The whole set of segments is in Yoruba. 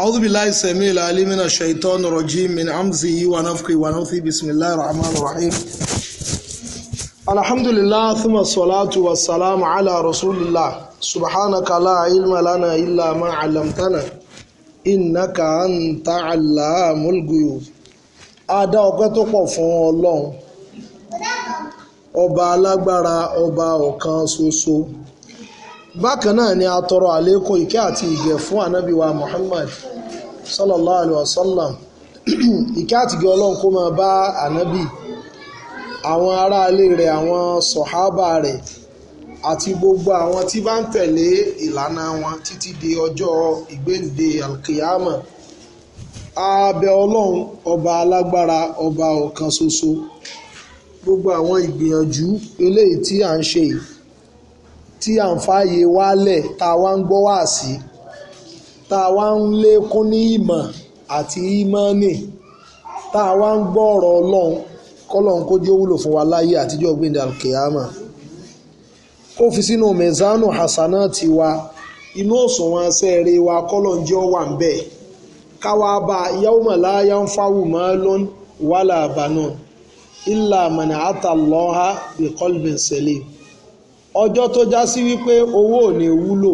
أعوذ بالله السميع العليم من الشيطان الرجيم من همزه ونفخه ونفثه بسم الله الرحمن الرحيم الحمد لله ثم الصلاة والسلام على رسول الله سبحانك لا علم لنا إلا ما علمتنا إنك أنت علام الغيوب ada ọpẹ́ tó pọ̀ fún Ọlọ́run ọba alágbára ọba ọ̀kan ṣoṣo bákan náà ni a tọrọ àlékún ìkẹ́ àti ìgẹ̀ fún ànábì wa Muhammad sallallahu alayhi wa sallam ìkẹ́ àti ìgẹ̀ ọlọ́run kó máa bá ànábì àwọn aráalé rẹ̀ àwọn sọ̀hábà rẹ̀ àti gbogbo àwọn tí bá ń tẹ̀lé ìlànà wọn títí di ọjọ́ ìgbéǹde alkiyama a ọlọ́run ọba alágbára ọba ọ̀kan ṣoṣo gbogbo àwọn ìgbìyànjú eléyìí tí à ń ṣe yìí tí à ń fààyè wálẹ̀ tá a wá ń gbọ́ wá sí tá a wá ń lékún ní ìmọ̀ àti ìmọ̀ọ́nì tá a wá ń gbọ́ ọ̀rọ̀ ọlọ́run kọ́lọ́run kó jẹ́ wúlò fún wa láyé àtijọ́ gbẹ̀ndẹ̀ alkiyama kó fi sínú mẹ̀zánù hasanati wa inú òṣùwọ̀n sẹ́ẹ̀rẹ̀ wa kọ́lọ́run jẹ́ wà ń bẹ̀ káwa bá yawma la yanfa'u malun wala banun illa man ata Allaha biqalbin salim ọjọ́ tó já sí wípé owó ò ní wúlò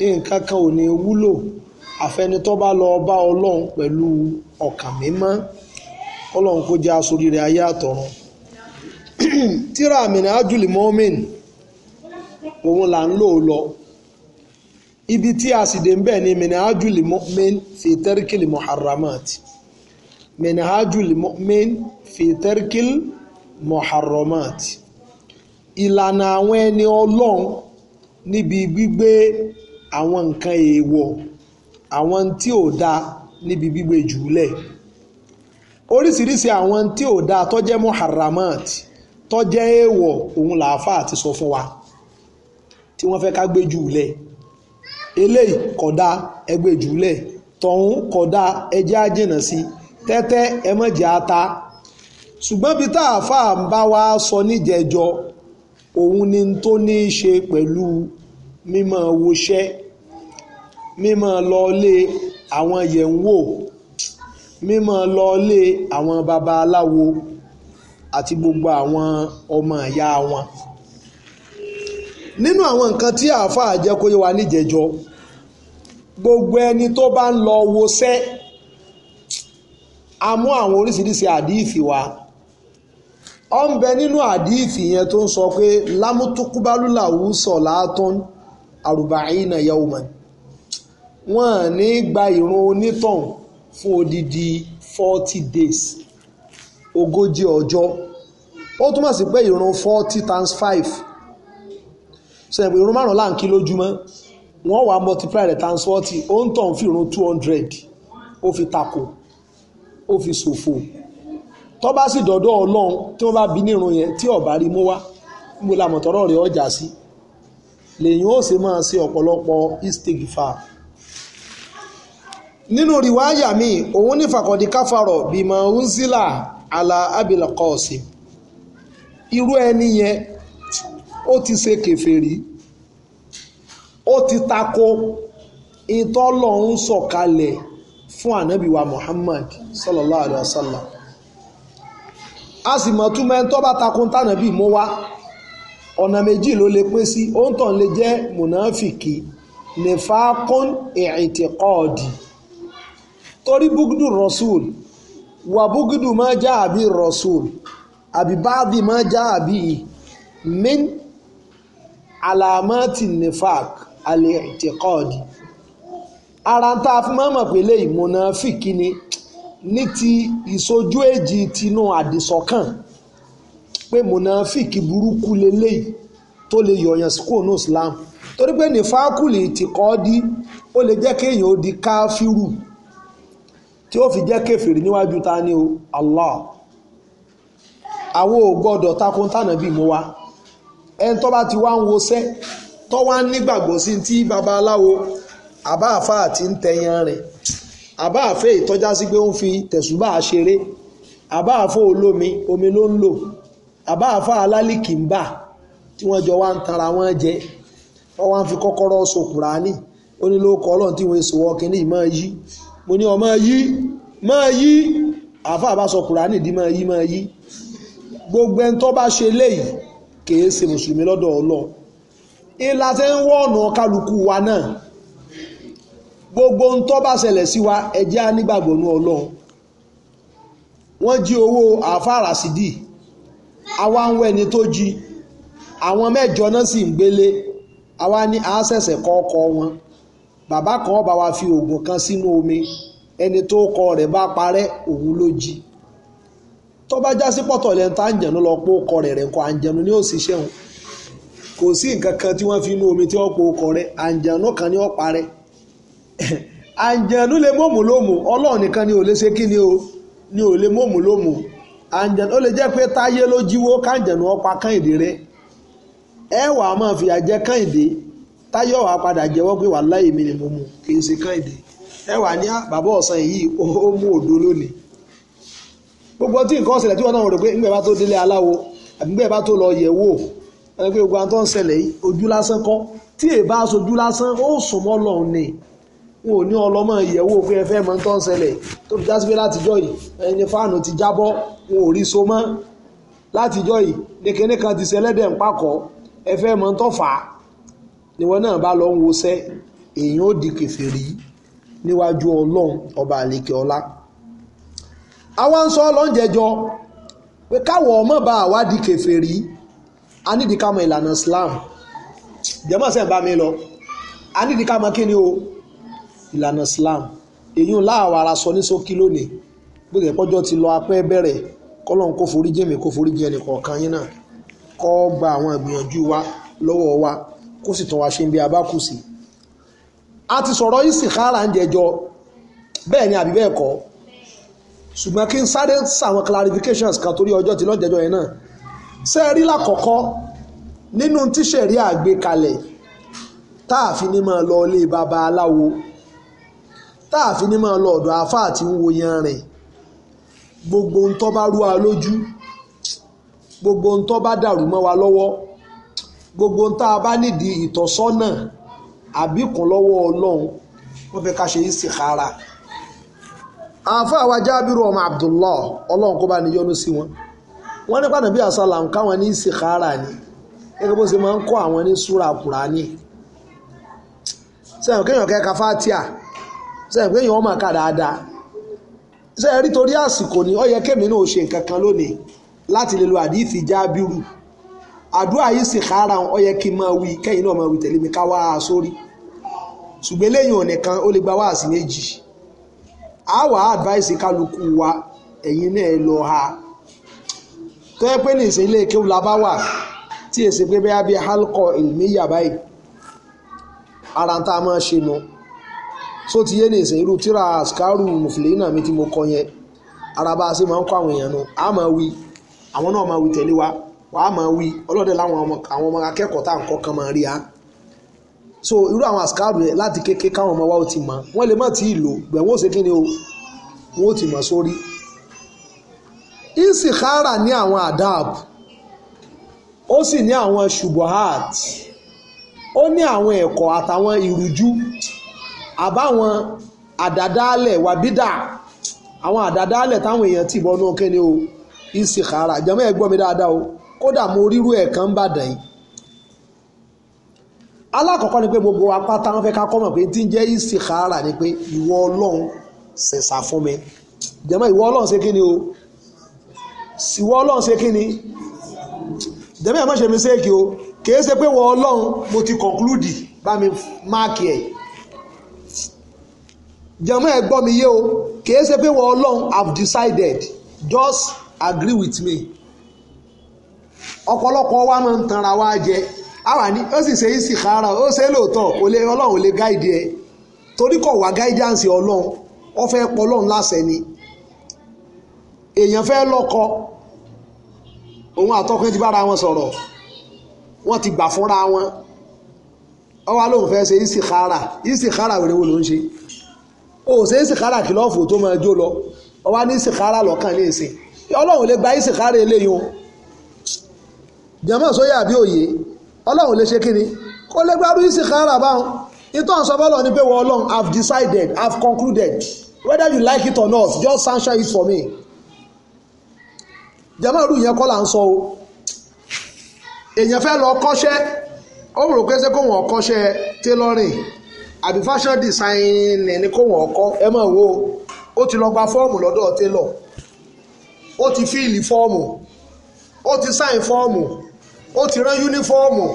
nǹkan kan ò ní wúlò àfẹnitọ́ bá lọ bá ọlọ́run pẹ̀lú ọkàn mímọ́ ọlọ́run kó jẹ́ aṣoríire ayé àtọ̀run tíra àmìnà ájúlì mọ́mìn òun là ń lò lọ ibi tí a sì dé ń bẹ̀ ni mìnà ájúlì mọ́mìn fi tẹ́ríkìlì muharramat mìnà ájúlì mọ́mìn fi tẹ́ríkìlì muharramat. Ìlànà àwọn ẹni Ọlọ́run níbi gbígbé àwọn nǹkan èèwọ̀, àwọn tí ò dáa níbi gbígbé jùúlẹ̀. Oríṣiríṣi àwọn tí ò dáa tó jẹ́ muharramat jẹ́ èèwọ̀ òun làáfà ti sọ fún wa tí wọ́n fẹ́ ká gbé Eléyìí ẹgbẹ́ tọ̀hún ẹjẹ́ àjìnà sí, tẹ́tẹ́ ẹ ata. Ṣùgbọ́n bí ń bá wa sọ níjẹ̀jọ́ òun ni tó ní í ṣe pẹ̀lú mímọ́ woṣẹ́ mímọ́ lọ́ọ́lé àwọn yẹ̀ǹwò mímọ́ lọ́ọ́lé àwọn babaláwo àti gbogbo àwọn ọmọ ìyá wọn nínú àwọn nǹkan tí àáfàá jẹ́ kó yé wa níjẹ̀jọ́ gbogbo ẹni tó bá ń lọ woṣẹ́ a mú àwọn oríṣiríṣi àdíìfì wa ó ń bẹ nínú àdífì yẹn tó ń sọ pé lámútúkúbálúlàwú sọ̀láàtún àrùbáyínà yawman wọ́n ní gba ìrun onítọ̀hún fún odidi forty days ogójì ọjọ́ ó túmọ̀ sí pé ìrun forty times five sẹ́yìn ìrun márùn-ún láǹkí lójúmọ́ wọ́n wá multiply rẹ̀ times forty ó ń tọ̀hún fi ìrun two hundred ó fi takò ó fi ṣòfò. So tó bá sì dọ̀dọ̀ ọlọ́run tí wọ́n bá bí nírun yẹn tí ọ̀bá rí mú wá níbo la mọ̀tọ́rọ̀ rẹ̀ ọjà sí lèyìn ó sì máa ṣe ọ̀pọ̀lọpọ̀ fa nínú rìwáyà mi òun ní fàkọ̀dí káfàrọ̀ bímọ unzila ala abil qasim irú ẹni yẹn ó ti ṣe ó ti tako sọ̀kalẹ̀ fún Muhammad sallallahu wa sallam a sì mọ̀ túmọ̀ ẹni tó bá takun tànà bíi mo wá ọ̀nà méjì ló lè pín sí òǹtàn lè jẹ́ mùnàfìkì nìfàákún ìrìntìkọ́ọ̀dì torí búgúdù rọ̀ṣùl wà búgúdù máa já àbí rọ̀ṣùl àbí báàbí máa já àbí min alamati nifak alìrìntìkọ́ọ̀dì ara ń tá a fi máa mọ̀ ni ní ti ìsojú èjì tinú àdìsọ́kàn pé mùnàfíìkì burúkú leléyìí tó lè yọ̀yàn sí kò ní Islam torí pé ní fákùlì ti kọ́ dí ó lè jẹ́ kéèyàn ó di káfíru tí ó fi jẹ́ kèfèrí níwájú ta ni o Allah àwọn ò gbọ́dọ̀ takun tànà bí mo wa ẹni tó bá ti wá ń wọṣẹ́ tó wá ń nígbàgbọ́ sí ti babaláwo àbáàfáà ti ń tẹ̀yàn rẹ̀ àbá àfẹ́ ìtọ́já sí pé ó ń fi tẹ̀sùbà ṣeré àbá àfọ́ olómi omi ló ń lò àbá àfọ́ alálìkì ń bà tí wọ́n jọ wá ń tara wọn jẹ wọ́n wá ń fi kọ́kọ́rọ́ sokùnrà ní ó ní lóko ọlọ́run tí wọ́n èso ọkìn ní ìmọ̀ yí mo ní ọmọ yí mọ́ yí àfọ́ àbá sokùnrà ní ìdí mọ́ yí mọ́ yí gbogbo ẹni tó bá ṣe léyìí kì í ṣe mùsùlùmí lọ́dọ̀ ọlọ́run ìlàsẹ̀ ń wọ́ọ̀nù kálukú wa náà gbogbo ń tó bá ṣẹlẹ̀ sí wa ẹ jẹ́ á nígbàgbọ́ nú ọlọ́run wọ́n jí owó àáfàá Ràṣídì àwa ń wẹ̀ ní tó jí àwọn mẹ́jọ náà sì ń gbélé àwa ní àásẹ̀sẹ̀ kọ́ ọkọ wọn bàbá kan bá wa fi oògùn kan sínú omi ẹni tó kọ rẹ̀ bá parẹ́ òun ló jí tó já sí pọ̀tọ̀ lẹ́nu tá à ń jẹ̀nu lọ pé ó kọ rẹ̀ rẹ̀ kọ àǹjẹ̀nu ni ó sì ṣẹ̀wọ̀n kò sí nǹkan kan tí wọ́n fi inú omi tí wọ́n po ọkọ rẹ̀ àǹjẹ̀nu kan ni ó àǹjẹ̀nú lè mọ̀mù lómù ọlọ́run nìkan ni ò lè ṣe kí ni o ni ò lè mọ̀mù lómù àǹjẹ̀nú ó lè jẹ́ pé táyé ló jíwó káǹjẹ̀nú ọ̀pá kàǹdé rẹ ẹwà á máa fìyà jẹ kàǹdé táyé padà jẹ́wọ́ pé wàláhì mi ni mo kì í ṣe ah, bàbá ọ̀sán yìí ó mú lónìí gbogbo tí nǹkan tí wọ́n náà rò bá tó délé aláwo àbí wọn ò ní ọlọ́mọ ìyẹ̀wò pé ẹ fẹ́ mọ tó ń ṣẹlẹ̀ tó fi jásí pé látijọ́ yìí ẹni fáànù ti jábọ́ wọn ò rí so mọ́ látijọ́ yìí nìkíní kan ti ṣẹlẹ́dẹ̀ ń pakọ̀ ẹ fẹ́ mọ tó fà á níwọ náà bá lọ ń wọṣẹ́ èèyàn ó di kèfèrí níwájú ọlọ́run ọba àlekè ọlá àwa sọ lọ́njẹjọ pé káwọ̀ ọmọ bá àwa di kèfèrí a nídìí ká mọ ìlànà Islam jẹ́mọ̀ sẹ́ǹbà mi lọ a nídìí ká mọ kí ni o ìlànà Islam èyí ń láàwọ̀ ara sọ ní ṣókí lónìí bó ti pọ́jọ́ ti lọ apẹ́ bẹ̀rẹ̀ kọ́lọ́n kó forí jẹ́mi kó forí jẹ́ ẹnìkọ̀ọ̀kan yín náà kọ́ gba àwọn ìgbìyànjú wa lọ́wọ́ wa kó sì tún wa ṣe bí a bá kù sí. a ti sọ̀rọ̀ ìsìkára ń jẹjọ bẹ́ẹ̀ ni àbí bẹ́ẹ̀ kọ́ ṣùgbọ́n kí n sáré sàwọn clarifications kan torí ọjọ́ ti lọ́jẹjọ yẹn náà ṣé ẹ rí lákọ̀ọ́kọ́ nínú tíṣẹ̀rí àgbékalẹ̀ táàfin ní máa lọ ilé baba aláwo táàfin ní máa lọ ọ̀dọ̀ àáfàá tí ń wo yan rìn gbogbo ń tọ́ bá rú wa lójú gbogbo ń tọ́ bá dàrú mọ́ wa lọ́wọ́ gbogbo ń tá a bá nídìí ìtọ́sọ́nà àbíkùn lọ́wọ́ ọlọ́run wọ́n fẹ́ ká ṣe istikhara àáfàá wa jábìrú ọmọ Abdullah ọlọ́run kó bá ní yọ́nú sí wọn wọ́n ní pàdánù bí àṣàlà ń káwọn ní istikhara ni gẹ́gẹ́ bó ṣe máa ń kọ́ àwọn ní súra Kùránì sẹ́yìn kéèyàn kẹ́ka fátíà sẹ́yìn pé èèyàn ọmọ ká dáadáa sẹ́yìn rí torí àsìkò ni ó yẹ kémi náà ṣe nǹkan kan lónìí láti lè lo àdìsí jábírù àdúrà yìí sì kára ó yẹ kí n máa wí kẹ́yìn náà máa wí tẹ̀lé mi ká wá a sórí ṣùgbọ́n eléyìí ò nìkan ó lè gba wáàsí méjì á wà á advice kálukú wa ẹ̀yin náà lọ ha tó yẹ pé ní ìsìnlẹ̀ kéwù la bá wà tí èsì pé bẹ́ẹ̀ bí halkọ ìlmíyà báyìí ara tá a máa ṣe nu so ti yé ní ìsìn irú tíra àṣkárù mùfìlínà mi tí mo kọ yẹn ara bá a ṣe máa ń kọ àwọn èèyàn nu a máa wí àwọn náà máa wí tẹ̀lé wa wàá máa wí ọlọ́dẹ láwọn àwọn ọmọ akẹ́kọ̀ọ́ tá à ń kọ́ kan máa rí a so irú àwọn àṣkárù yẹn láti kéke káwọn ọmọ wa ó ti mọ wọn lè má ti lò gbẹ̀wọ́n ṣe kí ni o wọn ó ti mọ sórí ìsìkára ní àwọn adab ó sì ní àwọn ṣubuhat ó ní àwọn ẹ̀kọ́ àtàwọn ìrújú àbáwọn àdàdálẹ̀ wàbídà àwọn àdàdálẹ̀ táwọn èèyàn ti bọ́nú kéde o ìsìkàrà jẹ́mọ́ ẹ̀ gbọ́ mi dáadáa o kódà mo ríru ẹ̀ kan bá dàn yìí. alákọ̀ọ́kọ́ ni pé gbogbo apáta wọn fẹ́ ká kọ́ mọ̀ pé tí ń jẹ́ ìsìkàrà ni pé ìwọ ọlọ́run ṣẹ̀ṣà fún mi jẹ́mọ́ ìwọ ọlọ́run ṣe kí ni o ìwọ ọlọ́run ṣe kí ni jẹ́mọ́ ẹ̀ má ṣe mi ṣéèkì o kì í ṣe pé wọ ọlọ́run mo ti conclude bá mi máàkì ẹ̀ jẹ̀mọ́ ẹ gbọ́ mi yé o kì í ṣe pé wọ́n ọlọ́run have decided just agree with me ọ̀pọ̀lọpọ̀ wa máa ń tanra wa jẹ àwa ni ó sì ṣe é sì kára ó ṣe é lóòótọ́ ọlọ́run ò lè gáìdì ẹ torí kò wá guidance ọlọ́run ó fẹ́ pọ̀ ọlọ́run láṣẹ ni èèyàn fẹ́ lọ́kọ òun àtọkùn ti bára wọn sọ̀rọ̀ wọ́n ti gbà fúnra wọn ó wá lóun fẹ́ ṣe ìsìkára ìsìkára wèrè wo ló ń ṣe o ò ṣe é sìkárà kìlọ́ọ̀fù tó máa jó lọ ọwá ní sìkárà lọ́kàn lè ṣe ọlọ́run lè gba ìsìkárà eléyìí o jẹ́mọ́ sóyà àbí òye ọlọ́run lè ṣe kíni kó lè gbárù ìsìkárà báwọn ìtọ́ àṣọ́bọ́lọ̀ ni pé wọ́n ọlọ́run have decided have concluded whether you like it or not just sanction it for me jẹ́mọ́ ìlú yẹn kọ́ là ń sọ o èèyàn fẹ́ lọ kọ́ṣẹ́ ó rò pé ṣé kó wọ́n kọ́ṣẹ́ tailoring àbí fashion design ẹni kó wọ́n kọ́ ẹ mọ̀ wo ó ti lọ gba fọ́ọ̀mù lọ́dọ̀ tailor ó ti fíìlì fọ́ọ̀mù ó ti sáìn fọ́ọ̀mù ó ti rán yúnífọ́ọ̀mù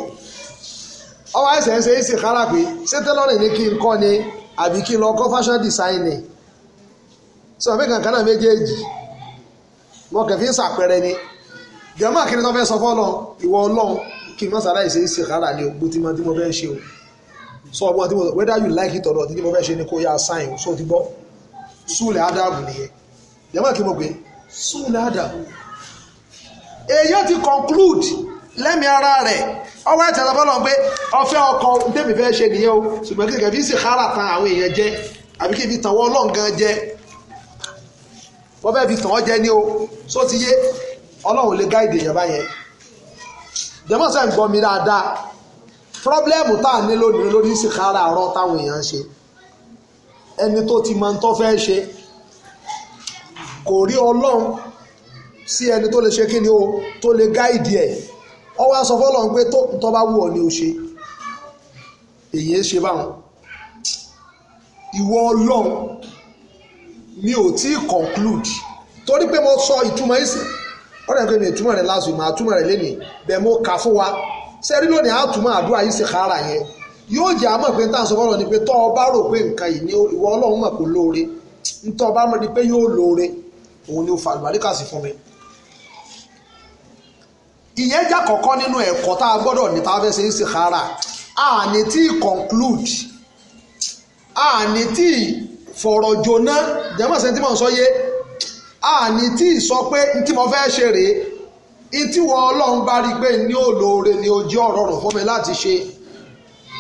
ọwọ́ ẹsẹ̀ ẹsẹ̀ ẹsẹ̀ kára pé ṣé tailoring ni kí n kọ́ ni àbí kí n lọ kọ́ fashion design ni sọ fún kankan náà méjèèjì mo kàn fi ń ṣàpẹẹrẹ ni jẹ́mọ́ kí ni tó fẹ́ sọ fọ́ lọ ìwọ ọlọ́run kí n mọ̀ sára ìṣe ìṣe kára ni o gbó tí mo fẹ́ ṣe o so ọgbọ́n tí mo sọ whether you like it or not tí mo fẹ́ ṣe ni kó yá sign so ti gbọ́ súlẹ̀ ádàbù nìyẹn jẹ́mọ̀ kí mo gbé súlẹ̀ ádàbù èyí ti conclude lẹ́mi ara rẹ̀ ọwọ́ ẹ̀ tẹ̀lé fọlọ́n pé ọfẹ́ ọkọ ntẹ́mi fẹ́ ṣe nìyẹn o ṣùgbọ́n kí kẹfí sì kára tan àwọn èèyàn jẹ àbí kí fi tàwọn ọlọ́run gan jẹ wọ́n fẹ́ fi tàn ọ́ jẹ ní o só ti yé ọlọ́run lè gáìdì èèyàn báyẹn jẹ́mọ̀ sẹ́yìn gbọ́ mi dáadáa pírọ́blẹ́mù tá à ní lónìí lórí ìsìkára àárọ̀ táwọn èèyàn ń ṣe ẹni tó ti máa ń tọ́ fẹ́ ṣe kò rí ọlọ́run sí ẹni tó lè ṣe kí ni o tó lè gáìdì ẹ̀ ọ wá sọ fọ́lọ́run pé tó bá wù ọ́ ni o ṣe èyí ń ṣe báwọn ìwọ ọlọ́run mi ò tí ì conclude torí pé mo sọ ìtumọ̀ ìsìn ọ̀rẹ́ mi ìtumọ̀ rẹ̀ lásìkò mà ìtumọ̀ rẹ̀ lẹ́nìí bẹ́ẹ̀ mo kà fún wa sẹ́rí lónìí àtúmọ̀ àdúrà yìí ṣe kára yẹn yóò jẹ́ àmọ̀ pé tá à sọ fọ́lọ́ ni pé tọ́ ọ bá rò pé nǹkan yìí ni ìwọ ọlọ́run mọ̀ kó lóore ntọ́ ọ bá ni pé yóò lóore òun ni ó fa àlùbáríkà sí fún mi. ìyẹn jẹ́ kọ̀ọ̀kan nínú ẹ̀kọ́ tá a gbọ́dọ̀ ní tá a fẹ́ ṣe ń ṣe kára àní tí conclude àní sọ yé àní tí ìtìwọ ọlọ́run bá rí i pé ní olóore ni ojú ọ̀rọ̀ rọ̀ fún mi láti ṣe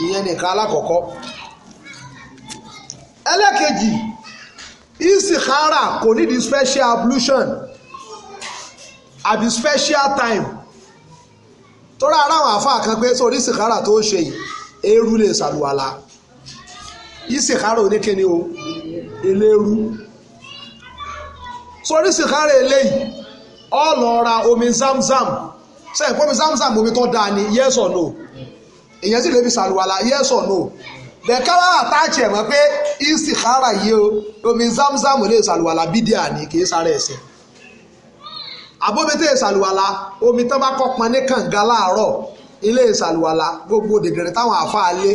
ìyẹn nìkan alákọ̀ọ́kọ́ ẹlẹ́kejì ìsìkára kò nídìí special ablution àbí special time tó rà ráwọn àfáà kan pé sórí ìsìkára tó ń ṣe yìí eérú lè ṣàlùwàlà ìsìkára oníkíni o eléérú sórí ìsìkára eléyìí ọ lọ ra omi zamzam sẹ́yìn pé omi zamzam omi tó dáa ni yes or no ìyẹn sì lè fi ṣàlùwàlà yes or no bẹ̀káwá àtàjì ẹ̀ mọ́ pé istikhara yìí o omi zamzam lè ṣàlùwàlà bídíà ni kì í sára ẹ̀sìn àbóbítẹ́ ìṣàlùwàlà omi tán bá kọ́ pọn ní kànga láàárọ̀ ilé ìṣàlùwàlà gbogbo dèdèrè táwọn àáfàá lé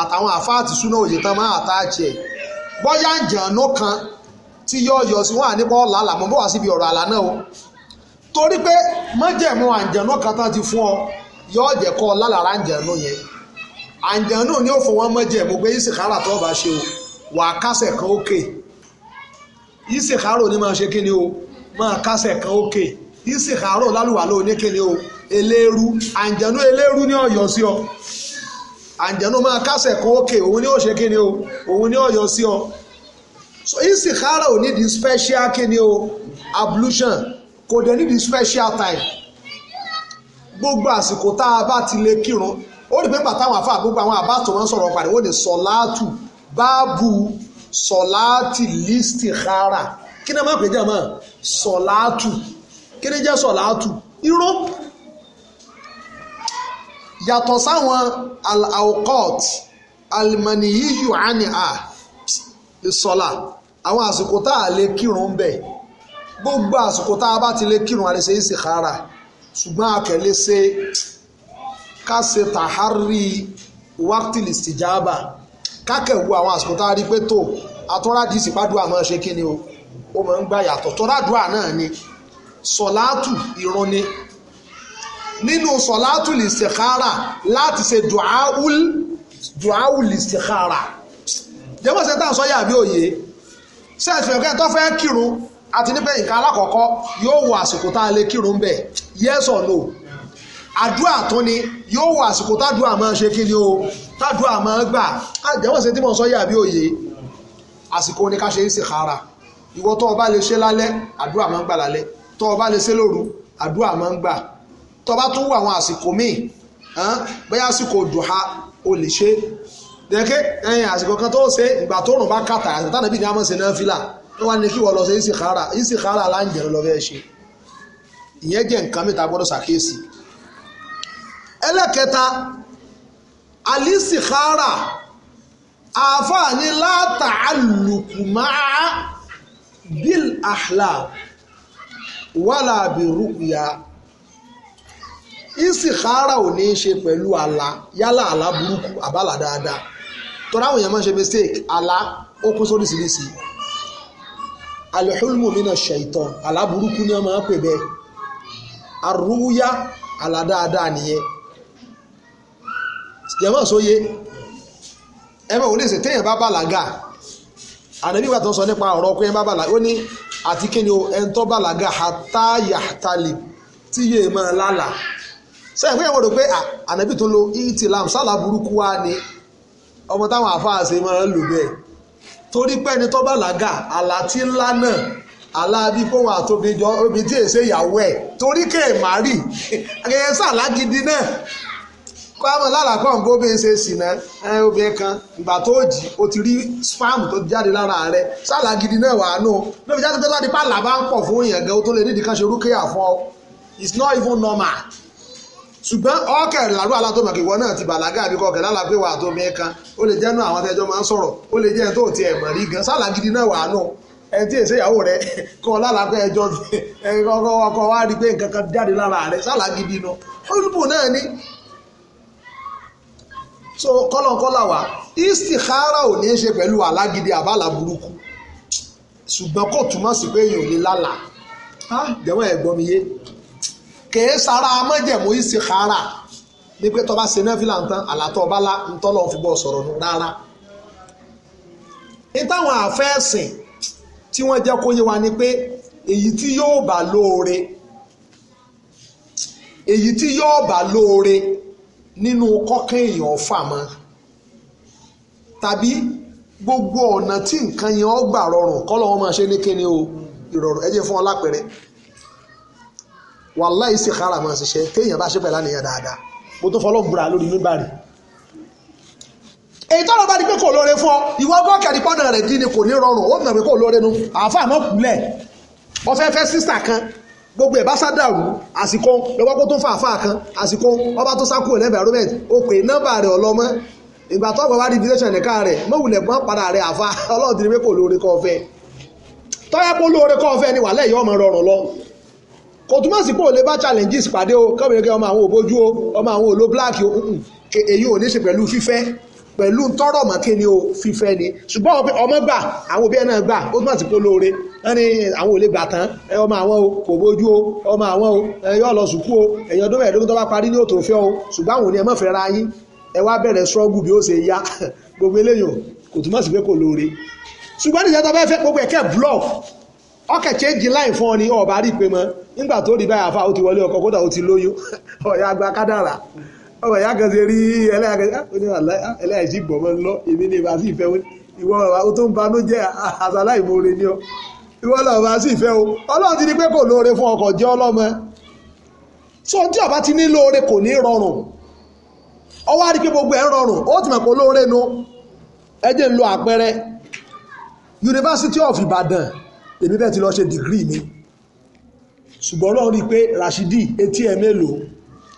àtàwọn àáfàá àti súná òye tán máa àtàjì ẹ̀ bọ́yá ìjànú kan tí yọ ọyọ sí wọn àníbọ̀ ọ̀làlà mọ́ bọ́ wá síbi ọ̀rọ̀ àlà náà o torí pé májẹ̀mú àǹjẹ̀nú kan tán ti fún ọ yóò jẹ́ kọ́ ọ lálàrá àǹjẹ̀nú yẹn àǹjẹ̀nú ni ó fún wọn májẹ̀mú pé ìsìkára tó bá ṣe o wà á kásẹ̀ kan òkè ìsìkárò ní máa ṣe kí ni o máa kásẹ̀ kan òkè ìsìkárò lálùwàlá ni o eléérú àǹjẹ̀nú eléérú ni ọ̀yọ́ sí ọ àǹjẹ̀nú máa kásẹ̀ kan òkè òun ni ó ṣe kí ni o òun ni ọ̀yọ́ sí ọ so ìsìkárò nídìí special kí ni o ablution kò dẹ̀ nídi special time gbogbo àsìkò tá a bá ti lè kírun ó rí pé nígbà táwọn àfa gbogbo àwọn àbá tó wọn sọ̀rọ̀ pàdé wọ́n ní sọ̀láàtù báàbù sọ̀láàtì listikhara kí ni a máa pè jẹ́ àmọ́ sọ̀láàtù kí ni jẹ́ sọ̀láàtù irọ́ yàtọ̀ sáwọn al-awqat al-maniyiyu anha àwọn àsìkò tá a lè kírun bẹ́ẹ̀ gbogbo àsìkò tá a bá ti lè kírun a lè ṣe istikhara ṣùgbọ́n a kẹ̀ lè ṣe ká ṣe tàhárí wákìtì istijaba kákẹ̀ wo àwọn àsìkò tá a rí pé tó àtúnrádìí ìsìpádùá máa ṣe kí ni o ó máa ń gbà yàtọ̀ tọ́ládùá náà ni sọ̀látù ìrun ni nínú sọ̀látù lìsìkára láti ṣe dùáwù lìsìkára jẹ́wọ́ sẹ́ńtà sọ́yà àbí òye sẹ́ẹ̀sì ọ̀kẹ́ tó fẹ́ kírun àti níbẹ̀ nǹkan alákọ̀ọ́kọ́ yóò wọ àsìkò tá a lè kírun bẹ̀ yes or no àdúrà tó ni yóò wọ àsìkò tádùá máa ṣe kí ni o tádùá máa gbà àjẹmọ̀ ah, sí tí mo sọ yà bí òye àsìkò ni ká ṣe istikhara ìwọ tó o bá lè ṣe lálẹ́ àdúrà máa ń gbà lálẹ́ tó o bá lè ṣe lóru àdúrà máa ń gbà tó o bá tún wọ àwọn àsìkò míì bóyá àsìkò dùhà o lè ṣe dẹ́kẹ́ ẹ̀yìn àsìkò kan tó ṣe ìgbà tó rùn bá kàtà àti wọ́n ní kí wọ́n lọ ṣe ìsìkára ìsìkára aláǹjẹ̀rẹ̀ lọ fẹ́ ṣe ìyẹn jẹ́ nǹkan mẹ́ta gbọ́dọ̀ ṣàkíyèsí ẹlẹ́kẹta alìsìkára àfààní látàlùkùmá bíl àhlà wàlà bìrúkìá ìsìkára ò ní í ṣe pẹ̀lú àlá yálà àlá burúkú àbálà dáadáa tọ́ra àwọn èèyàn máa ń ṣe mistake àlá ó kún sóríṣiríṣi alihulmu mina ṣètò aláburúkú ni wọ́n máa ń pè bẹ́ẹ̀ arúyá aládáadáa nìyẹn jẹ́mọ̀ sóye ẹ̀mọ̀ ò lè ṣe téèyàn bá bàlágà ànábì wà tó ń sọ nípa ọ̀rọ̀ ọkùnrin bá bàlágà ó ní àti kí ni o ẹni tó bàlágà àtàyàtàlì tí yéé máa lálà sẹ́yìn fún ìwọ̀n rò pé ànábì tó lo itilam sálà burúkú wa ni ọmọ táwọn àfáà ṣe máa ń lò torí pé ẹni tó bàlágà àlá tí ńlá náà aláàbí fóun àtòbí jọ obì tí èsè ìyàwó ẹ̀ torí kèé márì akẹyẹ sàlá gidi náà kó àmọ́ lálàkọ́ nǹkan obìnrin ṣe sì náà obìnrin kan ìgbà tó jì ó ti rí spam tó jáde lára rẹ̀ sàlá gidi náà wà nù lóbi jáde pé láti pàlà bá ń pọ̀ fún èèyàn gan ó tó lè nídìí kan ṣe orúkẹ́ àfọ́ it's not even normal ṣùgbọ́n ọ̀kẹ́ làrú alátọ́mọ̀ kìwọ́ náà ti bàlágà àbíkọ́ ọ̀kẹ́ lálágbé wà tó mi kan ó lè jẹ́nu àwọn tẹ́jọ́ máa ń sọ̀rọ̀ ó lè jẹ́ tó tiẹ̀ mọ̀ rí gan sálà gidi náà wà nù ẹni tí èsè ìyàwó rẹ kọ́ lálágbé ẹjọ́ ọkọ̀ wa rí pé nǹkan kan jáde lára rẹ sálà gidi nù olùbò náà ni. so kọ́lọ̀kọ́lọ̀ wa istikhara ò ní í ṣe pẹ̀lú alágídí àbálà burúkú ṣùgbọ́n kò túmọ̀ sí pé èèyàn ò lè lálàá kì kèé sara amájẹ̀mú ìsìkára ní pé tọ́ba ṣe nẹ́fìlà ntán àlàtọ̀ ọba la ntọ́lọ́ fi bọ́ sọ̀rọ̀ nù rárá. ní táwọn àfẹ́sìn tí wọ́n jẹ́ kó yé wa ni pé èyí tí yóò bá lóore èyí tí yóò bá lóore nínú kọ́kàn èèyàn fàmọ́ tàbí gbogbo ọ̀nà tí nǹkan yẹn ó gbà rọrùn kọ́ lọ́wọ́ máa ṣe ní kíni o ìrọ̀rùn ẹ jẹ́ fún ọ lápẹẹrẹ wàláì sì kára máa ṣiṣẹ́ téèyàn bá ṣe pẹ̀lú àníyàn dáadáa mo tó fọlọ́ búra lórí nígbà rẹ̀ èyí tọ́lọ́ bá di pé kò lóore fún ọ ìwọ ọgbọ́n kẹ́rìpọ́nà rẹ̀ dín ni kò ní rọrùn ó mọ̀ pé kò lóore nu àáfàá mọ̀ kúlẹ̀ ọfẹ́fẹ́ sísà kan gbogbo ẹ̀ bá sádàrú àsìkò lọ́wọ́ kó tó fà fà kan àsìkò ọba tó sákò lẹ́bẹ̀ àrómẹ̀tì ó pè nọ́mbà rẹ̀ ọlọ́mọ ìgbà tó ọgbà wá di division nìka rẹ̀ mọ̀wùlẹ̀ pọ́n padà rẹ̀ àfa ọlọ́ọ̀dì kò túmọ̀ sí pé òun lè bá challenges pàdé o kọ́mìnrin kẹ́ ọmọ àwọn òbójú o ọmọ àwọn òlò black o èyí ò ní ṣe pẹ̀lú fífẹ́ pẹ̀lú tọ́rọ̀ mọ́kẹ́ni o fífẹ́ ni ṣùgbọ́n ọmọ gbà àwọn òbí ẹ̀ náà gbà ó túmọ̀ sí pé olóore wọ́n ní àwọn òlè gbà tán ẹ ọmọ àwọn o kò bójú o ọmọ àwọn o ẹ yọ lọ sùkú o ẹ̀yìn ọdún mẹ́ẹ̀ẹ́dógún tó bá parí ní òtò fẹ́ o ṣùgbọ́n àwọn òní ẹ má fẹ́ ra yín ẹ wá bẹ̀rẹ̀ struggle bí ó ṣe yá gbogbo eléyìí kò túmọ̀ sí pé kò lóore ṣùgbọ́n ìjọba fẹ́ gbogbo ẹ̀kẹ́ block Ọ èjì láì fún ọ ni ọba rí pé mọ́ nígbà tó rí báyà fa ó ti wọlé ọkọ kódà ó ti lóyún ọ̀yà agba kádàrà ọ̀yà kan rí ẹlẹ́yàjì ah, ah, lọ èmi ní ìbá sí ìfẹ́ ìwọ tó ń banú jẹ́ ah, ìmoore ni ọ ìwọ sí ìfẹ́ ọlọ́run ti ní pé kò lóore fún ọkọ̀ jẹ́ ọlọ́mọ Sọ tí ọba ti ní lóore kò ní rọrùn ọwọ́ gbogbo ẹ̀ rọrùn ó ti mọ̀ pé of Ibadan èmi fẹ́ ti lọ ṣe dìgírì mi ṣùgbọ́n náà rí i pé Rashidi etí ẹ̀ mélòó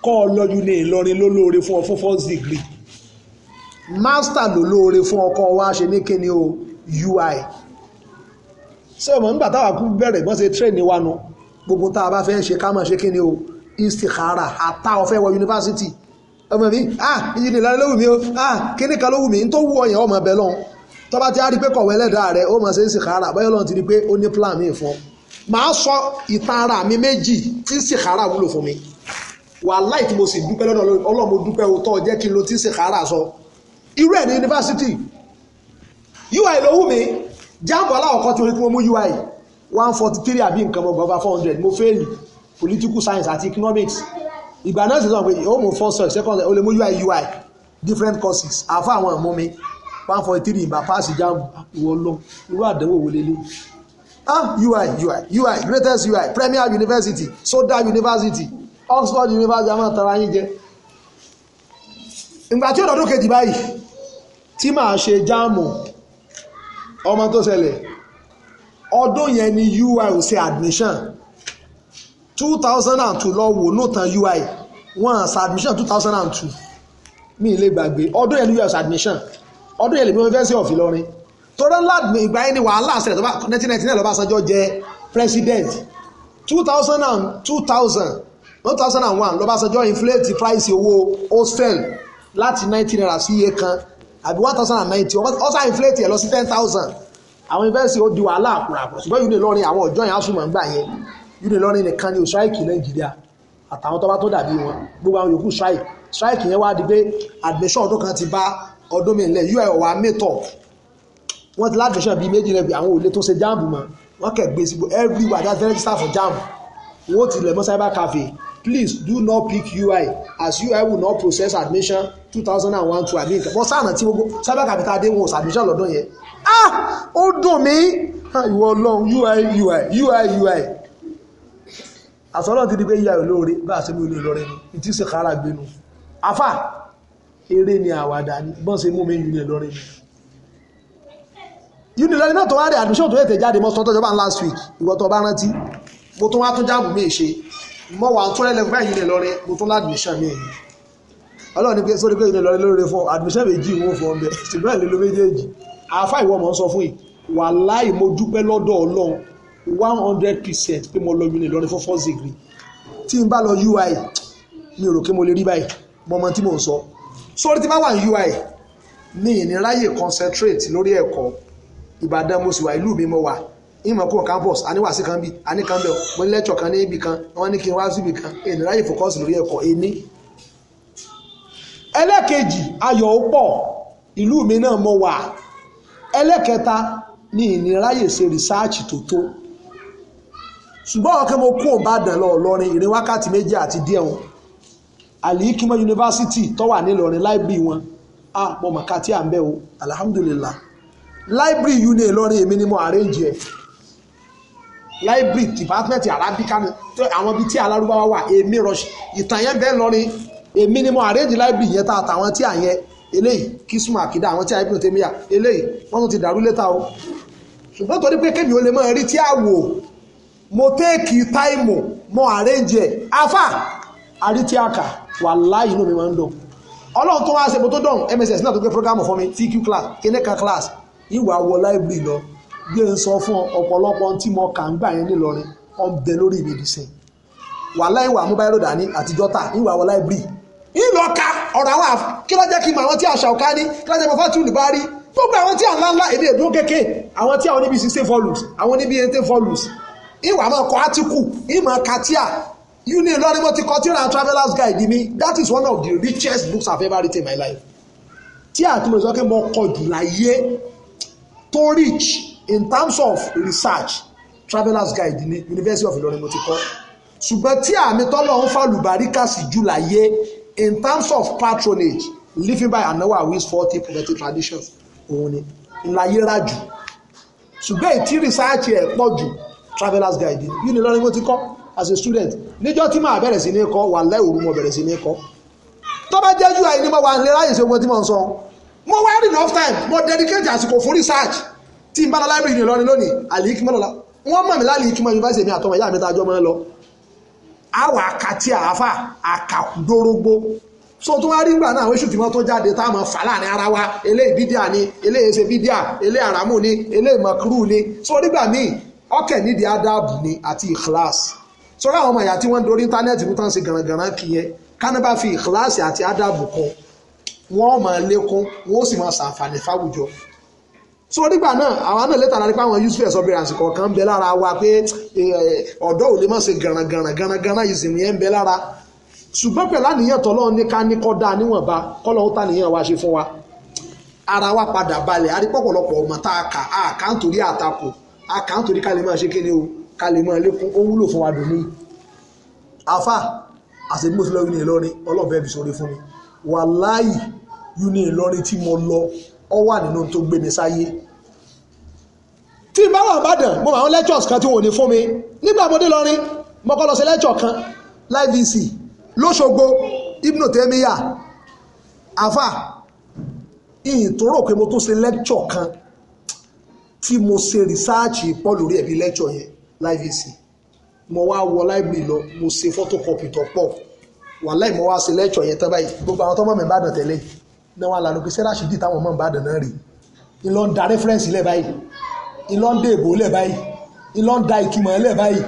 kọ́ ọ lọ́jú ní Ìlọrin ló fún ọ fún first master ló lóore fún ọkọ wa ṣe ní kíni o UI ṣé ọmọ nígbà táwa kú bẹ̀rẹ̀ bọ́n ṣe train ni wa nu gbogbo tá a bá fẹ́ ṣe ká máa ṣe kíni o istikhara àtà ọ̀fẹ́ wọ yunifásitì ọmọ mi ah ìyìnlẹ̀ ló wù mí o ah kíní kan ló wù mí n tó wù ọyàn ọmọ bẹ́ẹ̀ lọ́hùn tó bá ti á rí pé kọ̀wé ẹlẹ́dàá rẹ ó máa ṣe ń sìkára báyọ̀ lọ́n ti rí pé ó ní plan mi fún ọ màá sọ ìtàn ara mi méjì tí sìkára wúlò fún mi wàláì tí mo sì dúpẹ́ lọ́nà Ọlọ́run mo dúpẹ́ o tọ́ jẹ́ kí n lo tí sìkára sọ irú ẹ̀ ní yunifásitì ui ló wù mí jáàmù aláwọ̀kọ́ tí mo rí kí mo mú ui one forty three àbí nǹkan mọ̀ gbọ́gbà four hundred mo fail political science àti economics ìgbà náà sì sọ pé ó mú first second ó lè mú ui ui different courses àfa àwọn ọmọ mi one forty three ìbá páàsì jáàmù ìwọ lọ irú àdánwò wo lélẹ̀ ah ui ui ui greatest ui premier university soda university oxford university a máa tara yín jẹ ìgbà tí ó dọ̀dún kejì báyìí tí màá ṣe jáàmù ọmọ tó ṣẹlẹ̀ ọdún yẹn ni ui ò ṣe admission two thousand and two lọ wò ló tan ui wọn ṣe admission two thousand and two mi ì lè gbàgbé ọdún yẹn ni ui ò ṣe admission ọdún yẹn lè gbé fẹ́ẹ́ sí ọ̀fìn lọ́rin torí ńlá ìgbà yẹn ni wàhálà ṣẹlẹ̀ tó bá nineteen ninety nine lọ́bàṣánjọ́ jẹ president two thousand and two thousand one thousand and one lọ́bàṣánjọ́ inflate price owó hostel láti nineteen naira sí iye kan àbí one thousand and ninety ọ̀sán inflate ẹ̀ lọ sí ten thousand àwọn yunifásitì ó di wàhálà àkùràkùrà ṣùgbọ́n yìí lọ́rin àwọn ọ̀jọ́ yẹn á sùn mọ́ ńgbà yẹn yìí lọ́rin nìkan ni òṣùráìkì nàìjíríà àtàwọn tó bá tó dàbí wọn gbogbo àwọn yòókù strike strike yẹn wá di pé admission ọdún kan ti bá ọdún mi nílẹ̀ ui ọ̀wà mẹ́tọ̀ wọ́n ti láti ṣàn bíi méjì rẹ̀ bí àwọn òlé tó ṣe jambu mọ́ wọ́n kẹ̀ gbé síbò everywhere that's register for jambu wọ́n ti lẹ̀ mọ́ cyber cafe please do not pick ui as ui will not process admission two thousand and one to àbí nǹkan bọ́ sáà náà tí gbogbo cyber cafe tá a dé wọn ò sàdmission lọ́dún yẹn ah ó dùn mí ìwọ ọlọ́run ui ui ui ui àsọ̀rọ̀ ti di pé ui olóore bá a ṣe mú ilé lọ́rẹ́ nu ìtí ṣe kára gbénu afa eré ni àwàdà ni bọ́n ṣe mú mi union lọ́rin mi union lọ́rin náà tó wá rẹ̀ admission tó tètè jáde mọ́sán tọ́jọ́ bá ń last week ìwọ tó bá rántí mo tún wá tún jáàbù mí ṣe mọ́ wà tún rẹ̀ lẹ́gbẹ́ union lọ́rin mo tún ládùmíṣàn mi ẹ̀yìn ọlọ́run ní pé sórí pé union lọ́rin lóore fún admission méjì ìwọ̀n fún ọbẹ̀ ṣùgbọ́n ìlú méjèèjì àáfà ìwọ mọ̀ ń sọ fún yìí wàláì mo dúpẹ́ one hundred percent pé mo lọ union lọ́rin fún first degree tí n bá lọ ui mi ò rò pé mo lè rí báyìí mo mọ tí mò sórí tí bá wà ní UI ní ìníráyè concentrate lórí ẹ̀kọ́ Ìbàdàn mo sì wà ìlú mi mo wà ìmọ̀ kúrò campus aníwàsí kan bí aníkanbẹ̀ mo ní lẹ́tọ̀ kan ní ibì kan wọ́n ní kí n wá síbì kan ìníráyè focus lórí ẹ̀kọ́ èmi. ẹlẹ́kejì ayọ̀ ó pọ̀ ìlú mi náà mo wà ẹlẹ́kẹta ní ìníráyè ṣe research tó tó ṣùgbọ́n ọ̀kẹ́ mo kú Ìbàdàn lọ Ìlọrin ìrìn wákàtí méjì àti díẹ̀ wọn alikima yunifásitì tó wà nílọrin láìbírì wọn a ah, mọ màkà tí à ń bẹ o alhamdulillah láìbírì uni ìlọrin èmi ni mo arrange ẹ láìbírì dìpátmẹ́ǹtì arábíkà àwọn ibi tí alárúbáwá wà èmi rush ìtàn yẹn bẹ́ẹ̀ lọrin èmi ni mo arrange láìbírì yẹn tá àtàwọn tí à yẹn eléyìí kìsùn àkìdá àwọn tí àìbùn tèmi yà eléyìí wọ́n tún ti dàrú létà o ṣùgbọ́n torí pé kébì ó lè máa tí a wò mo téèkì táìmù mo àrẹ́jẹ̀ afá àrí tí a kà wàláhì inú mi máa ń dùn ọlọ́run tó wá ṣe mo tó dọ̀n mss náà tó gbé programu fún mi tq class kínníkan class ìwà wọ library lọ bí n sọ fún ọ̀pọ̀lọpọ̀ tí mo kà ń gbà yẹn nílọrin ọ̀ ń bẹ lórí mi dìsẹ́ wàláhì ìwà mobile road àní àtijọ́ ta ìwà wọ library ìlọ́ka ọ̀rọ̀ àwọn kí ló jẹ́ kí n mọ àwọn tí àṣà ọ̀ká ní kí ló jẹ́ mọ bá rí gbogbo àwọn tí àlá ńlá èdè èdè kéèké àwọn tí àwọn níbi sixteen volumes àwọn níbi eighteen volumes ìwà máa kọ átíkù ìmọ̀ katia you need lọ́rí mo ti kọ tíra travelers guide mi that is one of the richest books i have ever written in my life tí àtúmọ̀ ìsọ́kẹ́ mo kọ jù láyé tó rich in terms of research travelers guide ní university of Ìlọrin mo ti kọ́ ṣùgbọ́n tí àmì tọ́lọ̀ ń fàlùbáríkà sí jù láyé in terms of patronage living by anawa wins forty prophetic traditions òun ni ńláyé rájù ṣùgbọ́n ètí research ẹ̀ pọ̀ jù travelers guide You Ìlọrin mo ti kọ́ as a student níjọ́ tí màá bẹ̀rẹ̀ sí ní kọ́ wà láì òru mo bẹ̀rẹ̀ sí ní kọ́ tó bá jẹ́ UI ni mo wà ní láyé ìṣòwò tí mo ń sọ mo wá rí enough time mo dedicate àsìkò fún research tí n bá lọ library ní Ìlọrin lónìí àlìkímọ́ lọ́la wọ́n mọ̀ mí láàlì ìkímọ́ yunifásitì mi àtọmọ ìyá mi tájọ́ mọ́ ẹ lọ àwọn àkàtì àáfà àkàdórógbó so tó wá rí gbà náà àwọn èṣù tí wọ́n tó jáde táwọn fà láàrin ara wa eléyìí bídíà ni eléyìí ṣe bídíà eléyìí àràmù ni eléyìí mọ̀kúrú ni so nígbà míì ọkẹ́ nídìí adáàbù ni àti ìkíláàsì sọ́rọ́ àwọn ọmọ ìyá tí wọ́n ń dorí íńtánẹ́ẹ̀tì mú tán ṣe gànràngànràn kì í yẹ kánábà fi ìkíláàsì àti ádàbò kan wọ́n máa lékún wọ́n sì máa ṣàǹfààní fáwùjọ so nígbà náà àwọn náà létà láti pé àwọn yusuf ẹ̀sọ́ bẹ̀rẹ̀ àsìkò kan bẹ lára wa pé ọ̀dọ́ ò lè má ṣe gànràngànràn gànràngànràn ìsìn yẹn ń bẹ lára ṣùgbọ́n pẹ̀lú àníyàn tọ́lọ́ ní ká ní kọ́dá níwọ̀nba kọ́lọ́ ó tà níyàn wa ṣe fún wa ara wa padà balẹ̀ arípọ̀pọ̀lọpọ̀ ọmọ tá a kà ká lè máa lékún ó wúlò fún wa dùn ní àfà àṣẹbí mo ti lọ uni Ìlọrin ọlọ́ọ̀fẹ́ fi sórí fún mi wàláì uni Ìlọrin tí mo lọ ọ wà nínú tó gbé mi sáyé tí bá wà bàdàn mo máa ń lectures kan tí wọn ní fún mi nígbà mo dé lọrin mo kọ́ lọ sí lecture kan live vc lọ́ṣogbo ibnu tẹ́míyà afa ìtòrò pé mo tó ṣe lecture kan tí mo ṣe research pọ̀ lórí ẹ̀bí lecture yẹn láìfèsì mo wá wọ láìbìrì lọ mo ṣe photocopy tó pọ̀ wàláì mo wá ṣe lẹ́tọ̀ yẹn tán báyìí gbogbo àwọn tó mọ̀ mí Ìbàdàn tẹ́lẹ̀ náà wà lánàá pé sarah ṣì dì táwọn mọ̀ Ìbàdàn náà rè ń lọ ń da reference lẹ̀ báyìí ń lọ ń dé èbó lẹ̀ báyìí ń lọ ń da ìtumọ̀ lẹ̀ báyìí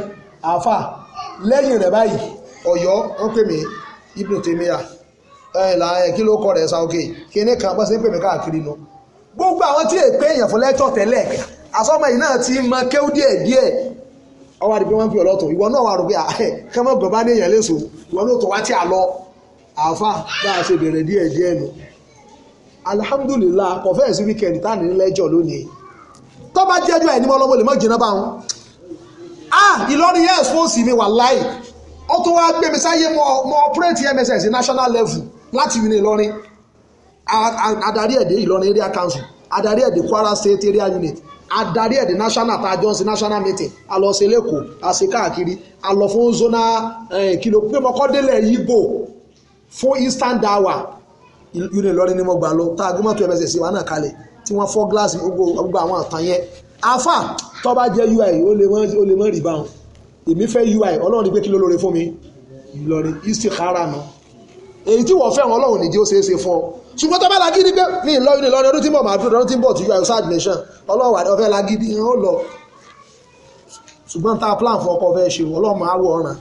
àáfà lẹ́yìn rẹ̀ báyìí ọ̀yọ́ wọ́n pè mí ibùdó tèmíyà ẹ̀là kí ló kọ rẹ̀ sáwọ́kè kí ní kan bọ́ sí pèmí káàkiri nu gbogbo àwọn tí èpè èèyàn fún lẹ́tọ̀ tẹ́lẹ̀ àsọmọ yìí náà ti mọ kéwú díẹ̀ ọwọ́ àdìpé wọ́n ń fi ọlọ́tọ̀ ìwọ náà wà rò pé ah, eh, kẹ́mọ́ gbọ̀nbá ní èèyàn léṣo ìwọ náà tó wá tí a lọ àáfà bá a ṣe bẹ̀rẹ̀ díẹ̀ díẹ̀ nù alihamudulila kò fẹ́ẹ̀ sí wíkẹ̀ndì tá ní lẹ́jọ́ lónìí tó bá jẹ́jọ́ ẹ̀ ní mọ́ lọ́wọ́ lè mọ́ jìnnà bá wọn. Ah, Ìlọrin yẹn ẹ̀sùnfòsì mi wà láì ó tó wá gbé mi sáyé mo operate MSS national level láti uni Ìlọrin adarí ẹ̀dẹ́ Ìlọrin area council adarí ẹ̀dẹ́ Kwara state area unit adarí ẹ̀dẹ̀ national tá a jọ ń ṣe national meeting a lọ ṣe lẹ́kọ̀ọ́ a ṣe káàkiri a lọ fún zona kìlọ̀ pé mọ́kọ́ délẹ̀ yíbò fún instant dawa ìlú Ìlọrin ni mo gbà lọ tá a gbé mọ́tò ẹ̀mẹ́sẹ̀ sí wa náà kalẹ̀ tí wọ́n fọ́ gíláàsì gbogbo àwọn àtàn yẹn afa tó bá jẹ́ ui ó lè mọ́ rìbá wọn èmi fẹ́ ui ọlọ́run ní pé kí ló lóore fún mi Ìlọrin istikhara náà èyí tí wọ́n fẹ́ràn ọlọ́run ní jẹ́ ó ṣeéṣe fún ọ ṣùgbọ́n tó bá lagídí pé ní ìlọrin ìlọrin ọdún tí mọ̀ máa dúró ọdún tí ń bọ̀ tí yóò ṣáà nation ọlọ́run àti ọfẹ́ lagídí ń lọ ṣùgbọ́n tá a plan fún ọkọ̀ fẹ́ ṣe ọlọ́run máa wọ ọ̀ràn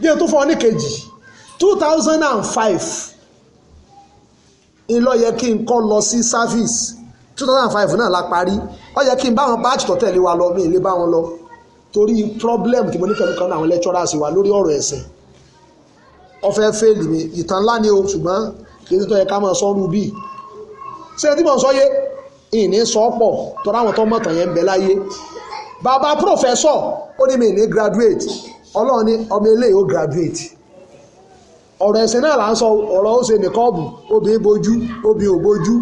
bí o tó fún ní kejì two thousand and five ń lọ yẹ kí n kọ́ lọ sí service two thousand and five náà la parí ó yẹ kí n bá wọn batch tó tẹ̀lé wa lọ mi ì lè bá wọn lọ torí problem tí mo ní pẹ̀lú kan náà àwọn lecturers wa lórí ọ̀rọ̀ ẹ̀sìn ọfẹ́ fèèlì mi ìtàn ńlá ni o ṣùgbọ́n kì í ti tọ́ yẹ ká máa sọ ọ́rù bíi ṣé tí mo sọ yé ìní sọ pọ̀ tọ́ra àwọn tó mọ̀tàn yẹn ń bẹ láyé bàbá pòfẹ́sọ̀ ó ní mi ní graduate ọlọ́run ní ọmọ eléyìí ó graduate ọ̀rọ̀ ẹ̀sìn náà là ń sọ ọ̀rọ̀ ó ṣe nìkan ọ̀bùn obìnrin bojú obìnrin ò bojú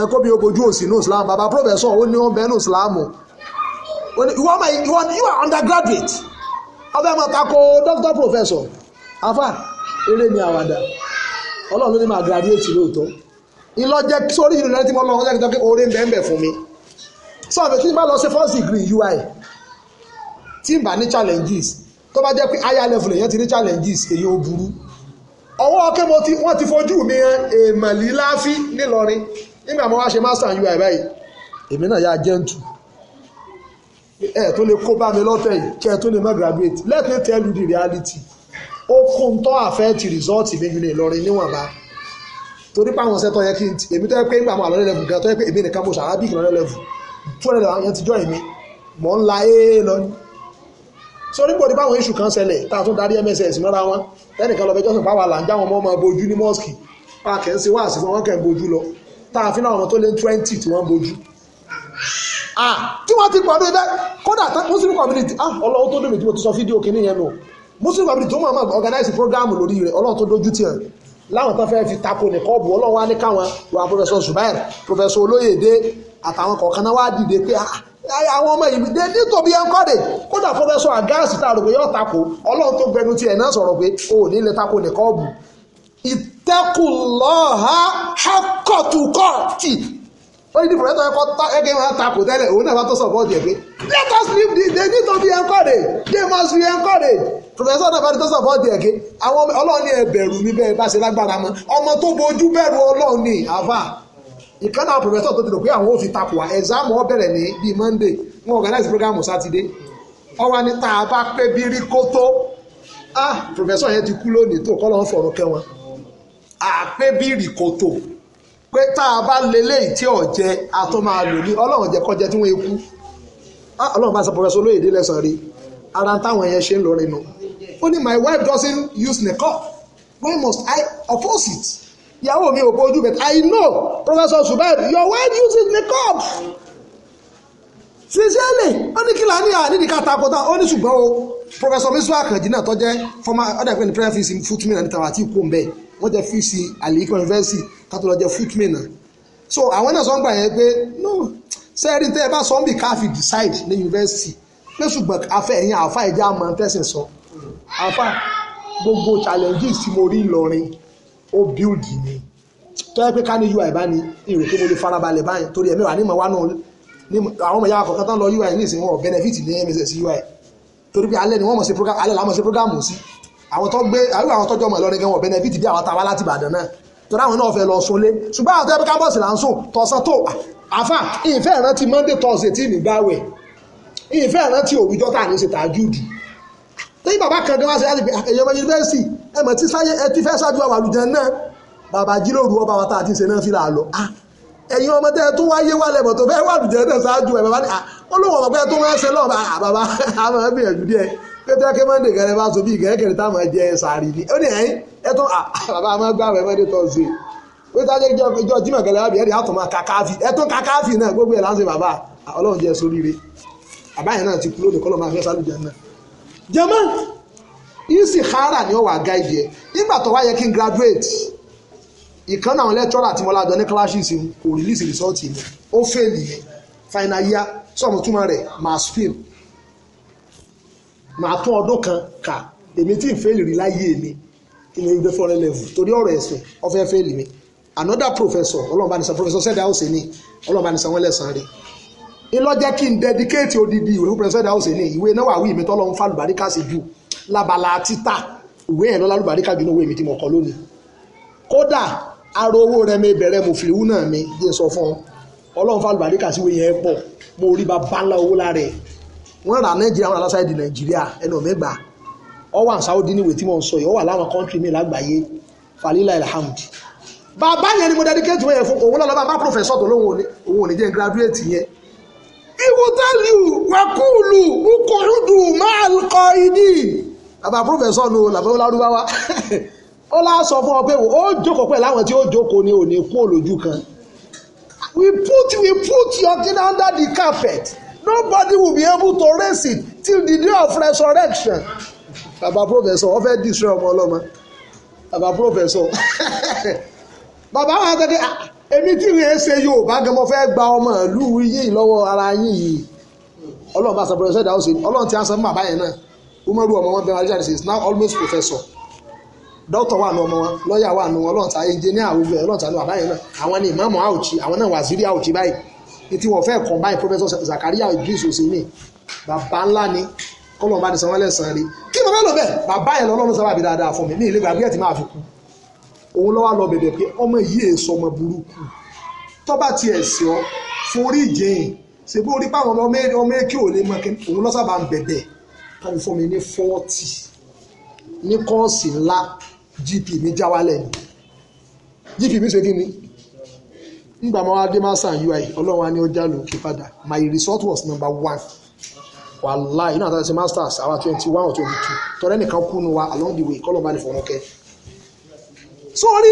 ẹ̀kọ́ obìnrin ò bojú òsì ní islam bàbá pòfẹ́sọ̀ ó ní wọn bẹ́ẹ̀ ní islam you are my you are undergraduate ọbẹ̀ mọ̀ tako doctor professor afa eré ni àwàdà ọlọ́run ló ní máa graduate lóòótọ́ ìlọ́jẹ́ sórí ìlú lẹ́tí mọ́ lọ́wọ́ sẹ́kìtọ́ pé oore ń bẹ́ẹ̀ bẹ́ẹ̀ fún mi sọ pé kí n bá lọ ṣe first degree UI tí n bá ní challenges tó bá jẹ́ pé higher level èèyàn ti ní challenges èyí ó burú ọwọ́ ọkẹ́ mo ti wọ́n ti fojú mi hàn èèmọ̀líláfí nílọrin nígbà mo wá ṣe master UI báyìí èmi náà yà gentle ẹ̀ tó lè kó bá mi lọ́tẹ̀ yìí kẹ́ ẹ tó lè má graduate let me tell you the reality ó kún tọ́ àfẹ́ẹ̀tì rìsọ́ọ̀tì mi yìí lọ́rin níwọ̀nba torí pé àwọn ṣẹ́tọ́ yẹ kí èmi tó yẹ pé nígbà mọ́ àlọ́ lẹ́lẹ́fù gan tó yẹ pé èmi nìkan mo ṣe arabic lọ́lẹ́ lẹ́fù tó lẹ́lẹ́ àwọn ti jọ èmi mọ̀ ń la ee lọ ni so nígbà tí báwọn iṣu kan ṣẹlẹ̀ tá a tún darí mss mọ́ra wọn ẹnìkan lọ bẹjọ́sìn báwa là ń já wọn mọ́ ọmọ bojú ní mọ́ọ̀sì pààkì ń ṣe wá àsìkò wọn kẹ́ ń bojú lọ tá a fi náà wọn tó lé twenty tí wọ́n bojú ah, tí wọ́n ti pọ̀ ní ibẹ̀ kódà muslim community ah ọlọ́wọ́ tó dùn mí tí mo ti sọ fídíò kìíní yẹn nù muslim abdul tó máa organize program lórí rẹ̀ ọlọ́run tó dojú tiẹ̀ láwọn tó fẹ́ẹ́ fi tako nìkan ọ̀bù ọlọ́run wá ní káwọn wa professor Zubair professor Olóyèdé àtàwọn kọ̀ọ̀kan náà wá dìde pé ah, ah, àwọn ọmọ yìí dé nítorí ẹnkọ́dé kódà professor agáàsì tá a rò pé yóò tako ọlọ́run tó gbẹnu tiẹ̀ náà sọ̀rọ̀ pé o ò ní lè tako nìkan ọ̀bù ìtẹ́kùlọ́ha hakọ̀tùkọ̀tì ó ní dìbò lẹ́tọ̀ ẹ̀kọ́ ẹgbẹ́ máa takò tẹ́lẹ̀ òun náà bá tó sọ̀pọ̀ ọ̀dẹ̀ let us leave this they need to be encouraged they must be encouraged professor nàbàdì tó sọ̀pọ̀tì ẹ̀kẹ́ àwọn ọlọ́ọ̀ni ẹ̀bẹ̀rù mi bẹ́ẹ̀ bá ṣe lágbára mọ́ ọmọ tó bojú bẹ̀rù ọlọ́ọ̀ni àfà ìkànnà professor tó ti rò pé àwọn ò takò wá exam ó ní bíi monday wọn organize program sátidé ni tá a bá pé bírí kó tó ah professor yẹn ti kú lónìí tó kọ́ a bá lélẹ̀ máa lò ní ọlọ́run tí wọ́n ekú ah, ọlọ́run bá sọ rí Only my wife doesn't use niqab why must I oppose it ìyàwó mi ò bójú bẹ̀ I know Professor Subaib your wife uses niqab sincerely ó ní kí lani ànídìí ká takota ó ní ṣùgbọ́n o Professor Misra Akànjí náà tọ́jẹ́ former ọ̀dà ìpínlẹ̀ prayer fees footman àti tàwọn àti ìkó ń bẹ́ẹ̀ wọ́n jẹ́ fees àlèkò university kátó lọ jẹ́ náà so àwọn náà sọ ń gbà yẹn pé no sẹ́ẹ̀rì tẹ́ ẹ bá sọ ń bì káfí decide ní university pé ṣùgbọ́n afẹ́ ẹ̀yìn àfa ẹ̀já máa ń sọ. So àfà gbogbo challenges tí mo rí Ìlọrin ó build mi tó yẹ pé ká ní UI bá ní èrò pé mo lè farabalẹ̀ báyìí torí ẹ̀mí wà ní ìmọ̀ wá náà àwọn ọmọ ìyá kọ̀ọ̀kan tán lọ UI ní ìsìn wọn benefit ní MSS UI torí pé alẹ́ ni wọ́n mọ̀ sí program alẹ́ làwọn ṣe program sí àwọn tó gbé àwọn àwọn tọ́jú ọmọ Ìlọrin gan wọn benefit bí àwọn táwa láti Ìbàdàn náà torí àwọn náà fẹ́ lọ sunlé ṣùgbọ́n àwọn tó yẹ pé campus là ń sùn tọ̀sán tó àfà ìfẹ́ ìrántí Monday Thursday tí ì tẹ́yìn bàbá kan gan wá sí láti pé ah, èyàn ọmọ yunifásitì ẹ mọ̀ tí sáyé ẹ ti fẹ́ ṣáájú àwọn àlùjẹ náà bàbá jíròrò ọba wa tá a ti ṣe náà fi là lọ ah, ẹ̀yin ọmọ tẹ́ ẹ tó wáyé wà lẹ́bọ̀ tó fẹ́ wà àlùjẹ náà ṣáájú ẹ̀ bàbá ni olóhùn ah, ọmọ pé ẹ tó wá ṣe lọ́ọ̀ bàbá àmọ́ ẹ gbìyànjú díẹ̀ pété ké mọ́ndé gẹ̀rẹ́ bá sobi gẹ̀ẹ́kẹ̀rẹ́ táwọn ẹ jẹ sàárì ni ó ní ẹ̀yìn ẹ tó bàbá àmọ́ gbàwẹ̀ mọ́ndé tó ṣe pé tá a jẹ́ ìjọ jimọ̀ gẹ̀lẹ́ àbí ẹ̀rí àtọ̀mọ́ kàkáfì ẹ̀tún kàkáfì náà gbogbo ẹ̀ láǹṣẹ̀ bàbá ọlọ́run jẹ́ sóríire àbáyẹn náà ti kú lónìí jẹ́mọ́ istikhara ni ó wà gáìdì ẹ̀ nígbà tó wá yẹ kí n graduate ìkan náà lẹ́tọ́rọ̀ àti mọ́lájọ ní classes kò release result mi ó fail mi final year sọ̀mù túmọ̀ rẹ̀ mass fail màá tún ọdún kan kà èmi tí n fail rí láyé mi kí ni ìgbé foreign level torí ọ̀rọ̀ ẹ̀sìn ọ̀fẹ́ fail mi another professor ọlọ́mọbanisàn professor sẹ́dá ọ̀sẹ̀ ni ọlọ́mọbanisàn wọn lẹ́sàn-án rẹ̀ ìlọ́jẹ́ kí n dedicate odidi ìwé fún president house ní ìwé náà wà wí mi tọ́lọ́ ń fa àlùbáríkà sí ju lábala títà ìwé ẹ̀ lọ́la àlùbáríkà jù lówó èmi tí mo kọ́ lónìí kódà ara owó rẹ mi bẹ̀rẹ̀ mo fi ìwú náà mi yé sọ fún ọ ọlọ́run fa àlùbáríkà sí ìwé yẹn pọ̀ mo rí bàbá ńlá owó lára ẹ̀ wọ́n rà nàìjíríà wọn aláṣà èdè nàìjíríà ẹnu mẹ́gbà ọ wà ní Saudi níwèé tí mo ń sọ yìí ọ wà láwọn kọ́ńtì mi lágbàáyé falila alhamdi bàbá yẹn ni mo dedicate wọ́n yẹn fún òun náà lọ́ba bá professor tó lóun òun ò ní jẹ́ graduate yẹn iwutaliu wakulu ukurudu maal qaidi àbá professor nu làbẹ́ olárúbáwá ó lásọ fún ọ pé ó jókòó pẹ̀lú àwọn tí ó jókòó ni ò kú olójú kan we put we put your thing under the carpet nobody will be able to raise it till the day of resurrection bàbá professor wọ́n fẹ́ destroy ọmọ ọlọ́mọ bàbá professor bàbá wọn á tẹ́tẹ́ èmi tí rèé ṣe Yorùbá gan mo fẹ́ gba ọmọ ìlú yìí lọ́wọ́ ara yín yìí Ọlọ́run bá sàbẹ̀rẹ̀ sẹ́dá ọ̀sẹ̀ Ọlọ́run ti ansán bàbá yẹn náà Umaru ọmọ wọn bẹ́ẹ̀ wájú àdìsí is now almost professor doctor wà nù ọmọ wọn lọ́ọ̀yà wà nù Ọlọ́run ta engineer àwùjọ Ọlọ́run ta nù bàbá yẹn náà àwọn ni ìmáàmù àwùjì àwọn náà wàzírí àwùjì báyìí etí wọn fẹ́ combine professor Zakaria Idris Osemi bàbá ńlá ni kọ́lọ́ọ̀ bá sanwó-ẹlẹ́sàn rí kí ni mo fẹ́ lò bẹ́ẹ̀ bàbá yẹn lọ́lọ́run sábàbí dáadáa fún mi ní ilé ìgbàgbé ẹ̀ ti máa fi kú òun lọ́wọ́ lọ bẹ̀bẹ̀ pé ọmọ yìí èso ọmọ burúkú tọ́ba ti ẹ̀sìn ọ forí jẹ́yìn ṣègbè orí páwọn ọmọ ọmọ èké ò lè mọ kí òun lọ́sàbà ń bẹ̀bẹ̀ tàbí fún mi ní fọ́ọ̀tì ní kọ́ọ̀sì ńlá gp mi já wálẹ̀ ni gp mi ṣe kí ni ngbà máa wá dé masa ui ọlọ́run á ní ọjà lókè padà my result was number one wàláì náà tàbí ṣe masters àwa twenty one or twenty two tọ́lẹ́ nìkan kú nu wa along the way kọ́lọ́ọ̀ ní fọwọ́n kẹ́ sórí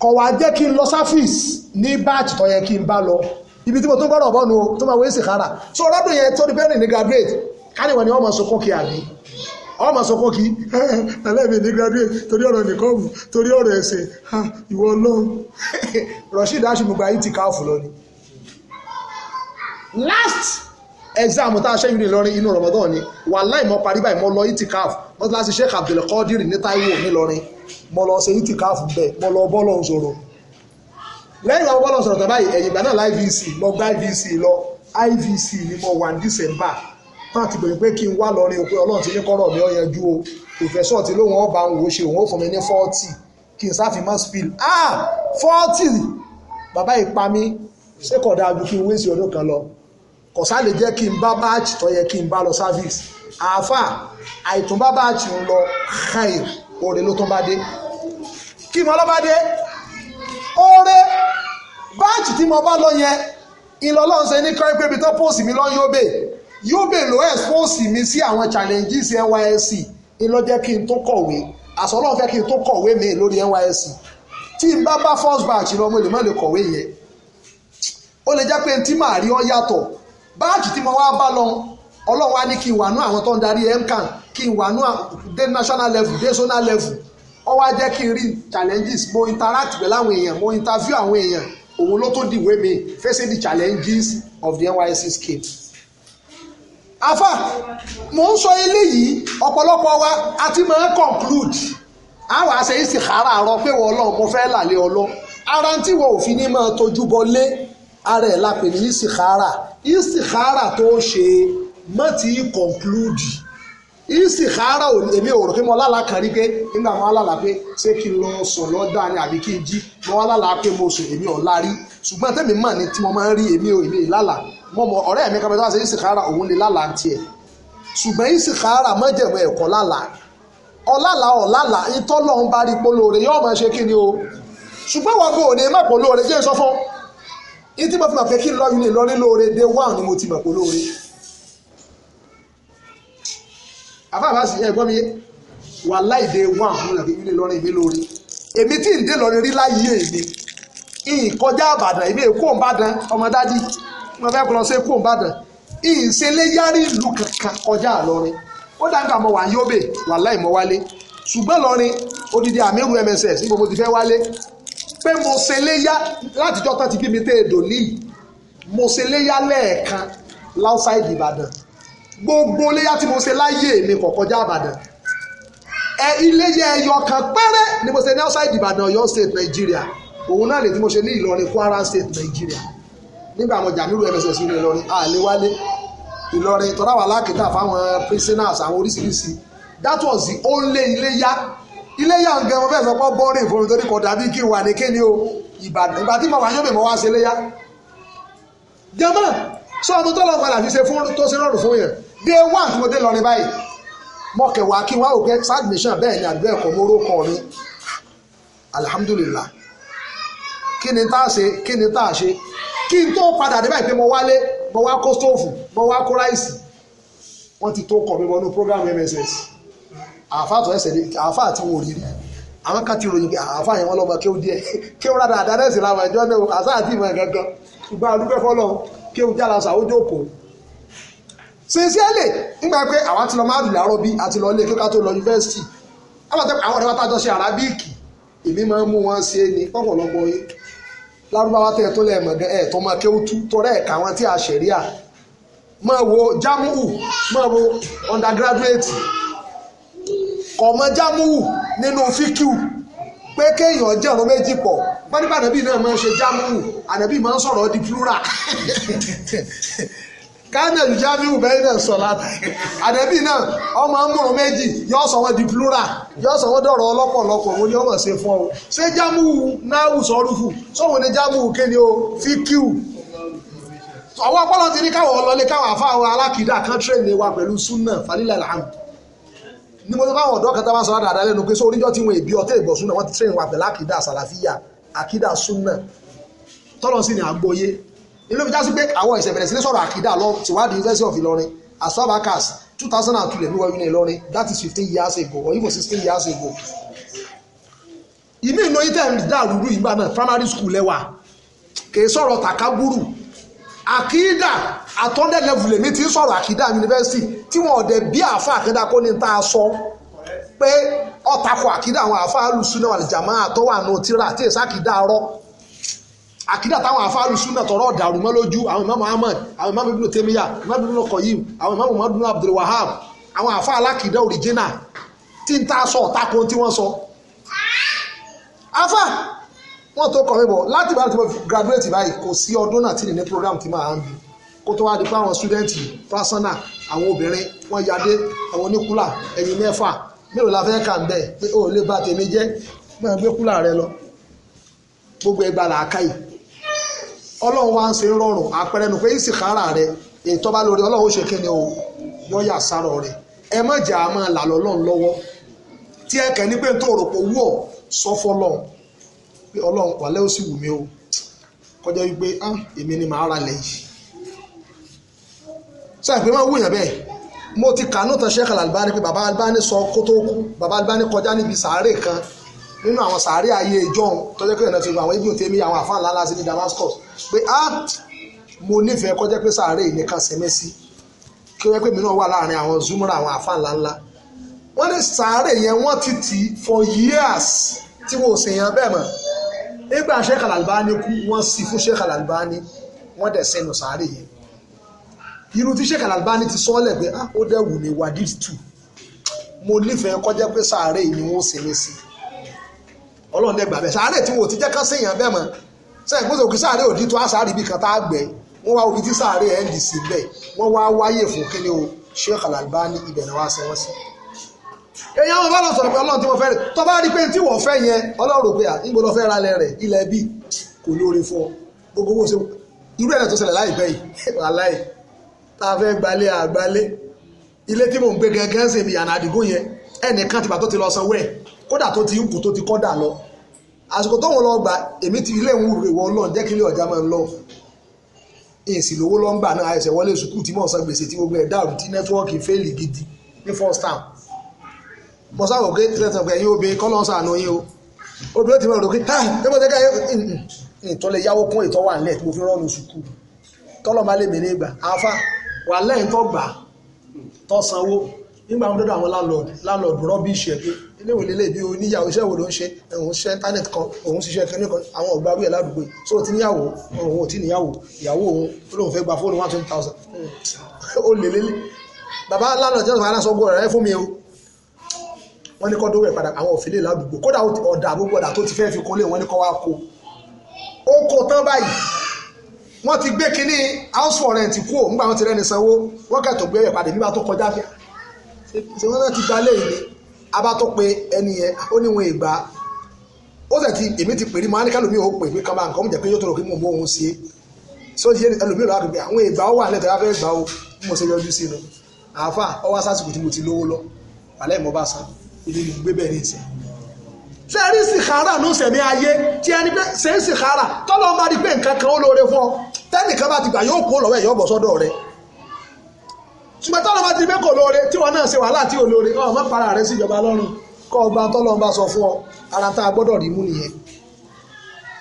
kọ̀ wá jẹ́ kí n lọ sáfíìsì ní báàjì tó yẹ kí n bá lọ ibi tí mo tó gbọ́dọ̀ bọ́nu tó máa wé sìkára so ọlọ́dún yẹn tó di bẹ́ẹ̀ ní graduate káníwọ̀n ni wọ́n máa sunkún kí àbí wọ́n máa sunkún kí ẹlẹ́mì ní graduate torí ọ̀rọ̀ nìkọ́ọ̀mù torí ọ̀rọ̀ ẹ̀sẹ̀ ìwọ ọlọ́run Rasheed aṣemugba yìí ti káàfù lọ ni. last exam tá a ṣe yìí lọrin inú Ramadan ni wàláì mo parí báyìí mo lọ itikaf mo ti láti Sheikh Abdul Qadir ní mo lọ ṣe yìí ti káàfù bẹ́ẹ̀ mo lọ bọ́lọ̀ sọ̀rọ̀ lẹ́yìn àwọn bọ́lọ̀ sọ̀rọ̀ tàbí ẹ̀yìn ìgbà náà ivc lọ gba ivc lọ ivc ni mo wà ní december náà ti bèrè pé kí n wá lọ rí o pé ọlọ́run ti ní kọ́rọ̀ mi ó yanjú o professor ti lóun ọba òun ò ṣe òun ó fún mi ní forty kí n sáfì mọ́ spill ah forty bàbá ìpa mi ṣé kò dáa ju kí n wéṣì ọdún kan lọ kò sá lè jẹ́ kí n bá batch tó yẹ kí n bá lọ service àáfà àìtúnbá batch ń lọ higher oore ló tún bá dé kí mo lọ́ bá dé oore báǹkì tí mo bá lọ yẹn ìlọlọ́run ní kọ́rí pé ibi tó pòsì mi lọ Yobe Yobe ló expose mi sí àwọn challenges NYSC ìlọ́jẹ́ kí n tó kọ̀wé àsọlọ́run fẹ́ kí n tó kọ̀wé mi lórí NYSC tí n bá bá first batch lọ mo lè má lè kọ̀wé yẹn ó lè jẹ́ pé n tí màá rí ọ yàtọ̀ báǹkì tí mo wá bá lọ ọlọ́run á ní kí n wà nú àwọn tó ń darí mcan kí n wà nú dé national level dé zonal level ó wá kí n rí challenges mo interact pẹ̀lú àwọn èèyàn mo interview àwọn èèyàn òun ló tó dìwé mi facing the challenges of the NYSC scheme. afa mo ń sọ eléyìí ọ̀pọ̀lọpọ̀ wa a ti máa conclude àwọn àṣẹ yìí sì kára àárọ̀ pé wọ́n lọ́ọ̀ mo fẹ́ làlẹ́ ọlọ́ ara tí wọn ò fi ní máa tójú bọ lé ara ẹ̀ la pè ní ìsìkára ìsìkára tó ṣe é má ti conclude ìsìkára èmi ò rò pé mo lálàá kan rí pé nígbà mo lálàá pé ṣé kí n lọ sùn lọ́dà ni àbí kí n jí mo wá lálàá pé mo sùn èmi ò lárí ṣùgbọ́n tẹ́mi mọ̀ ni tí mo máa ń rí èmi ò èmi lálàá mo mọ ọ̀rẹ́ mi kábẹ́tà ṣe ìsìkára òun lè lálàá tiẹ̀ ṣùgbọ́n ìsìkára mọ́jẹ̀wé ẹ̀kọ́ lálàá ọ̀làlà ọ̀làlà ìtọ́lọ̀ ń bá rí polóore yóò máa ṣe kí ni o ṣùgbọ́n wọn kò ní má polóore jẹ́ sọ fún ìtí mo fi mọ̀ pé kí n lọ́ọ́ yún ní lọ́rí lóore day one ni mo ti mọ̀ polóore àfáàbá sì ẹ̀gbọ́n mi wà láìdè wọn àwọn ọ̀nàkè yìí lè lọ́rin mi lórí èmi tí ń dé lọ́rin rí láyé èmi ìkọjá àbàdàn èmi èkó òǹbàdàn ọmọ dádì wọn fẹ́ kọ́ lọ sí èkó òǹbàdàn ìṣẹlẹ́yárí ìlú kankan kọjá àlọ́rin ó dá nípa mọ̀ wà yóbè wà láì mọ̀ wálé ṣùgbọ́n lọ́rin odidi àmírù mss ní gbogbo ti fẹ́ wálé pé mo ṣe léyá látijọ́ tán ti bí mi tẹ́ èdò níyì mo ṣe léyá lẹ́ẹ̀kan láùsáìdì ìbàdàn gbogbo iléyà tí mo ṣe láyé mi kò kọjá Ìbàdàn ẹ iléyà ẹyọ kan péré ni mo ṣe ní outside Ìbàdàn Ọ̀yọ́ state Nàìjíríà òun náà lè tí mo ṣe ní Ìlọrin Kwara state Nàìjíríà nígbà àwọn jàmírù mss ní Ìlọrin àléwálé Ìlọrin tọ́lá wà lákìtà fáwọn prisoners àwọn oríṣiríṣi that was the only iléyà iléyà nǹkan mo fẹ́ sọ pé bọ́ọ̀rìn fún torí kò dàbí kí n wà ní kíni o Ìbàdàn ìgbà tí mo wà yóò bẹ̀ mọ́ wá sí iléyà jama sọ ọmọ tó dé wà tí mo dé lọrin báyìí mo kẹwàá kí wọn á òkè sadmission bẹ́ẹ̀ ni àdúrà ẹ̀kọ́ mo rókọ mi alihamudulilayi kí ni tá a ṣe kí ni tá a ṣe kí n tó padà dé báyìí pé mo wálé mo wá kó stóòfù mo wá kó ráìsì wọ́n ti tó kọ̀ mi wọnú program mss àáfà tó ẹsẹ̀ àáfà tí wọ́n rí rí àwọn kan ti ròyìn pé àáfà yẹn wọ́n lọ́mọ kéwù díẹ̀ kéwù rádà àdádẹ́sì làwọn ẹjọ́ náà àṣà àti ìmọ̀ gangan ṣùgbọ́n àdúgbò fọlọ́ kéwù jálasà ó jókòó sincerely nígbà pé àwa ti lọ máa dùn lárọ́ bí àti lọ ilé kíkà tó lọ yunifásitì àwọn ọ̀rẹ́ wa tájọ ṣe arábíìkì èmi máa ń mú wọn ṣe ni pọ̀pọ̀lọpọ̀ yín lárúbáwá tẹ̀ tó lẹ̀ mọ̀ ẹ̀ tó máa kéwútú torí ẹ̀ka wọn tí a ṣẹ̀ríà máa wo jámùú máa wo undergraduate kọ̀ọ̀mọ́ jámùú nínú fíkìú pé kéèyàn jẹ́ ọ̀rọ̀ méjì pọ̀ pẹ́ẹ́nìbà ànábì náà máa ń ṣe jámùú ànábì máa ń sọ̀rọ̀ di plural kánà lùjá fi wù bẹ́ẹ̀ náà sọ láti àdẹ́bí náà ọmọ amúrò méjì yóò sọ wọn di plural yóò sọ wọn dọ̀rọ̀ ọlọ́pọ̀lọpọ̀ wọn ni wọ́n mọ̀ ṣe fún ọ ṣé jámù náà sọ́rùfù sọ́wọ́n ni jámù kéde o fíkìú ọwọ́ ọpọlọ ti ní káwọn ọlọ́lé káwọn àfáwọn alákìdá kan tírẹ̀lẹ̀ wa pẹ̀lú súnà falilẹ̀ alhamd ní mo tó káwọn ọ̀dọ́ kan tá bá sọ dáadáa lẹ́nu pé sóoríjọ́ tí wọn èbí ọtẹ́ ìbọ̀ súnà wọ́n ti tírẹ̀lẹ̀ wa ni àgbọ́yé inú fi já sí pé àwọn ìṣẹ̀bẹ̀rẹ̀ sílé sọ̀rọ̀ àkídà lọ ti wá di University of Ìlọrin as far back as two thousand and two lèmi wọ ilé Ìlọrin that is fifteen years ago or even sixteen years ago. ìmí ìnáyí tẹ̀ ń dà rúdú ìgbà náà primary school lẹ́wà kì í sọ̀rọ̀ tàkàbúrù àkídà àtọ́ndẹ̀ level lèmi ti sọ̀rọ̀ àkídà university tí wọn ọ̀dẹ̀ bí àáfà àkídà kó ní ta sọ pé ọ̀tàkọ̀ àkídà àwọn àáfà alùsùn náà àlìjàmá àtọ́wà náà tíra àti ìsákìdá rọ́ àkídà táwọn afáàlù súnà tọrọ ọ̀dàrú mọ́ lójú àwọn ìmáàmù ahmed àwọn ìmáàmù ibùdó tèmíyà ìmáàmù ibùdó kọyìm àwọn ìmáàmù mọ́dúnú abdul wahab àwọn afáàlù àkídà òrìjínà tí ń tá a sọ ọ̀tá kan tí wọ́n sọ. afa wọn tó kọ̀ mí bọ̀ láti bá ti mo graduate báyìí kò sí ọdún náà tí nìyẹn program ti máa ń bi kó tó wá di pé àwọn student pásánà àwọn obìnrin wọn yadé àwọn oníkúlà ẹ̀yìn mẹ́fà mélòó la fẹ́ kà ń bẹ̀ pé o lè ba tèmi jẹ́ mọ̀ gbé kúlà rẹ lọ gbogbo ẹgbàá làákàyè ọlọ́run wá ń ṣe rọrùn àpẹẹrẹ nù pé ìsìkára rẹ ètò lórí ọlọ́run ó ṣe kí ni o yọ yà sárọ̀ rẹ ẹ má jà á máa là lọ́lọ́run lọ́wọ́ tí ẹ kẹ́ ní pé tó rò pé owó ọ̀ sọ fọlọ́run pé ọlọ́run wàlẹ́ ó sì wù mí o kọjá wípé ah èmi ni màá ra lẹ̀ yìí sọ ìpè máa wúyàn bẹ́ẹ̀ mo ti kàánú tan Sheikh Al-Albani pé baba Albani sọ kótó kú baba Albani kọjá níbi sàárè kan nínú àwọn sàárè ayé ìjọhún tọ́jọ́ pé ìrìnàfẹ́ àwọn ibi òtẹ́mi àwọn àfáà ńláńlá sí ní Damascus pé ah mo nífẹ̀ẹ́ kọjá pé sàárè nìkan sẹ́mẹ́ sí kí wọ́n pè mí náà wà láàrin àwọn zumra àwọn àfáà ńláńlá wọ́n ní sàárè yẹn wọ́n ti tì for years tí wọ́n ò sì yan bẹ́ẹ̀ mọ́ nígbà Sheikh Al-Albani kú wọ́n sì fún Sheikh Al-Albani wọ́n dẹ̀ sẹ́nu sàárè yẹn irú tí Sheikh Al-Albani ti sọ́ọ́lẹ̀ pé ah ó dẹ̀ wù mí wàdí tù mo nífẹ̀ẹ́ kọjá pé sàárè ni wọ́n sẹ́mẹ́ sí i ọlọ́run dẹ̀ gbà bẹ́ẹ̀ sáré tí wò ti jẹ́ kán séèyàn bẹ́ẹ̀ mọ́ sẹ́yìn kó sókè sáré òdì tó àsáré ibi kan tá a gbẹ wọ́n wá obi tí sáré ndc bẹ́ẹ̀ wọ́n wá wáyé fún kíni o Sheikh Al-Albani ibẹ̀ náà wá sẹ́wọ́n sí. èèyàn wọn bá lọ sọ̀rọ̀ pé ọlọ́run tí wọ́n fẹ́ rẹ̀ tó bá rí pé tí wọ́n fẹ́ yẹn ọlọ́run rò pé à níbo lọ fẹ́ ra lẹ̀ rẹ̀ ilẹ̀ bí kò lóore fún ọ gbogbo bó ṣe irú ẹ̀rẹ̀ tó ṣẹlẹ̀ láìpẹ́ yìí wàláì tá a fẹ́ gbalẹ̀ àgbalẹ̀ ilé tí mò ń ẹnìkan tìgbà tó ti lọ sanwó ẹ̀ kódà tó ti ń kù tó ti kọ́dà lọ àsìkò tó wọn lọ gbà èmi ti ilé ń wúre wọ ọlọ́run jẹ́ kí ilé ọ̀já máa ń lọ èsì lówó ló ń gbà náà àìsè wọlé sùkúù tí mò ń san gbèsè tí gbogbo ẹ̀ dàrú tí nẹ́tíwọ́ọ̀kì fẹ́ẹ̀lì gidi ní first time mo sábà pé tẹ̀sán pé ẹ̀yin obìnrin kọ́ ló ń sànù yín o obìnrin ti máa rò pé ha ẹ mọ̀ tẹ́ka ìtọ́lẹ̀ yáwó kún ìtọ́ wà nílẹ̀ tí mo fi rọ́ọ̀nù sùkúù kọ́lọ́ máa lè mí ní ìgbà àáfà wà lẹ́yìn tó gbà tó sanwó nígbà wọn dọ́dọ̀ àwọn landlord landlord rọ́bìṣì ẹ̀ pé iléèwé lélẹ̀ bí oníyàwó iṣẹ́ wo ló ń ṣe òun ṣiṣẹ́ internet kan òun ṣiṣẹ́ kẹ́ni kan àwọn ọ̀gbà wíyà ládùúgbò so ti níyàwó òun ò tí níyàwó ìyàwó òun ó lóun fẹ́ gba fóònù one twenty thousand ó lè lélẹ̀ bàbá landlord jẹ́ sọ̀rọ̀ sọ́gbọ́ rẹ̀ fún mi o wọ́n ní kọ́ dówó ẹ̀ padà àwọn òfìlè ládùúgbò kódà ọ̀dà gbogbo ọ̀dà tó ti fẹ́ fi kólé wọ́n ní kọ́ wá kó ó kó tán báyìí wọ́n ti gbé kínní house warrant kú òun gbà wọ́n ti rẹ́ni sanwó wọ́n kẹ́tọ̀ gbé ẹ̀ padà nígbà tó kọjá fẹ́ ṣe wọ́n náà ti gba léyìn ni abátọ́ pé ẹni yẹn ó ní wọn ìgbà ó sì ti èmi ti pèrè mọ́ánìkà lómi ò pè mí kan bá nǹkan ó jẹ́ pé yóò tó rò kí mò ń mú òun sí so ṣe ẹlòmíràn lọ́wọ́ àgbègbè àwọn ìgbà ó wà nílẹ̀ tó yá fẹ́ gbà ó mo ṣe yọjú sí i nù àáfà ọwọ́ sásìkò tí mo ti lówó lọ àlẹ́ ìmọ̀ bá san ilé ni gbé bẹ́ẹ̀ ní ìsìn sẹ́rí sìkárà ló sẹ̀mí ayé tí ẹni pé sẹ́rí sìkárà tọ́lọ́ máa rí pé nǹkan kan ó lóore fún ọ tẹ́nìkan bá ti gbà yóò kó lọ́wọ́ ẹ̀ yọ̀bọ̀ ṣùgbọ́n tọ́lọ́ bá ti gbé kò lóore tí wọn náà ṣe wàhálà tí ò lóore ọ̀ má para rẹ síjọba lọ́rùn kọ́ ọba tọ́lọ́ bá sọ fún ọ ara tá a gbọ́dọ̀ rí mú nìyẹn.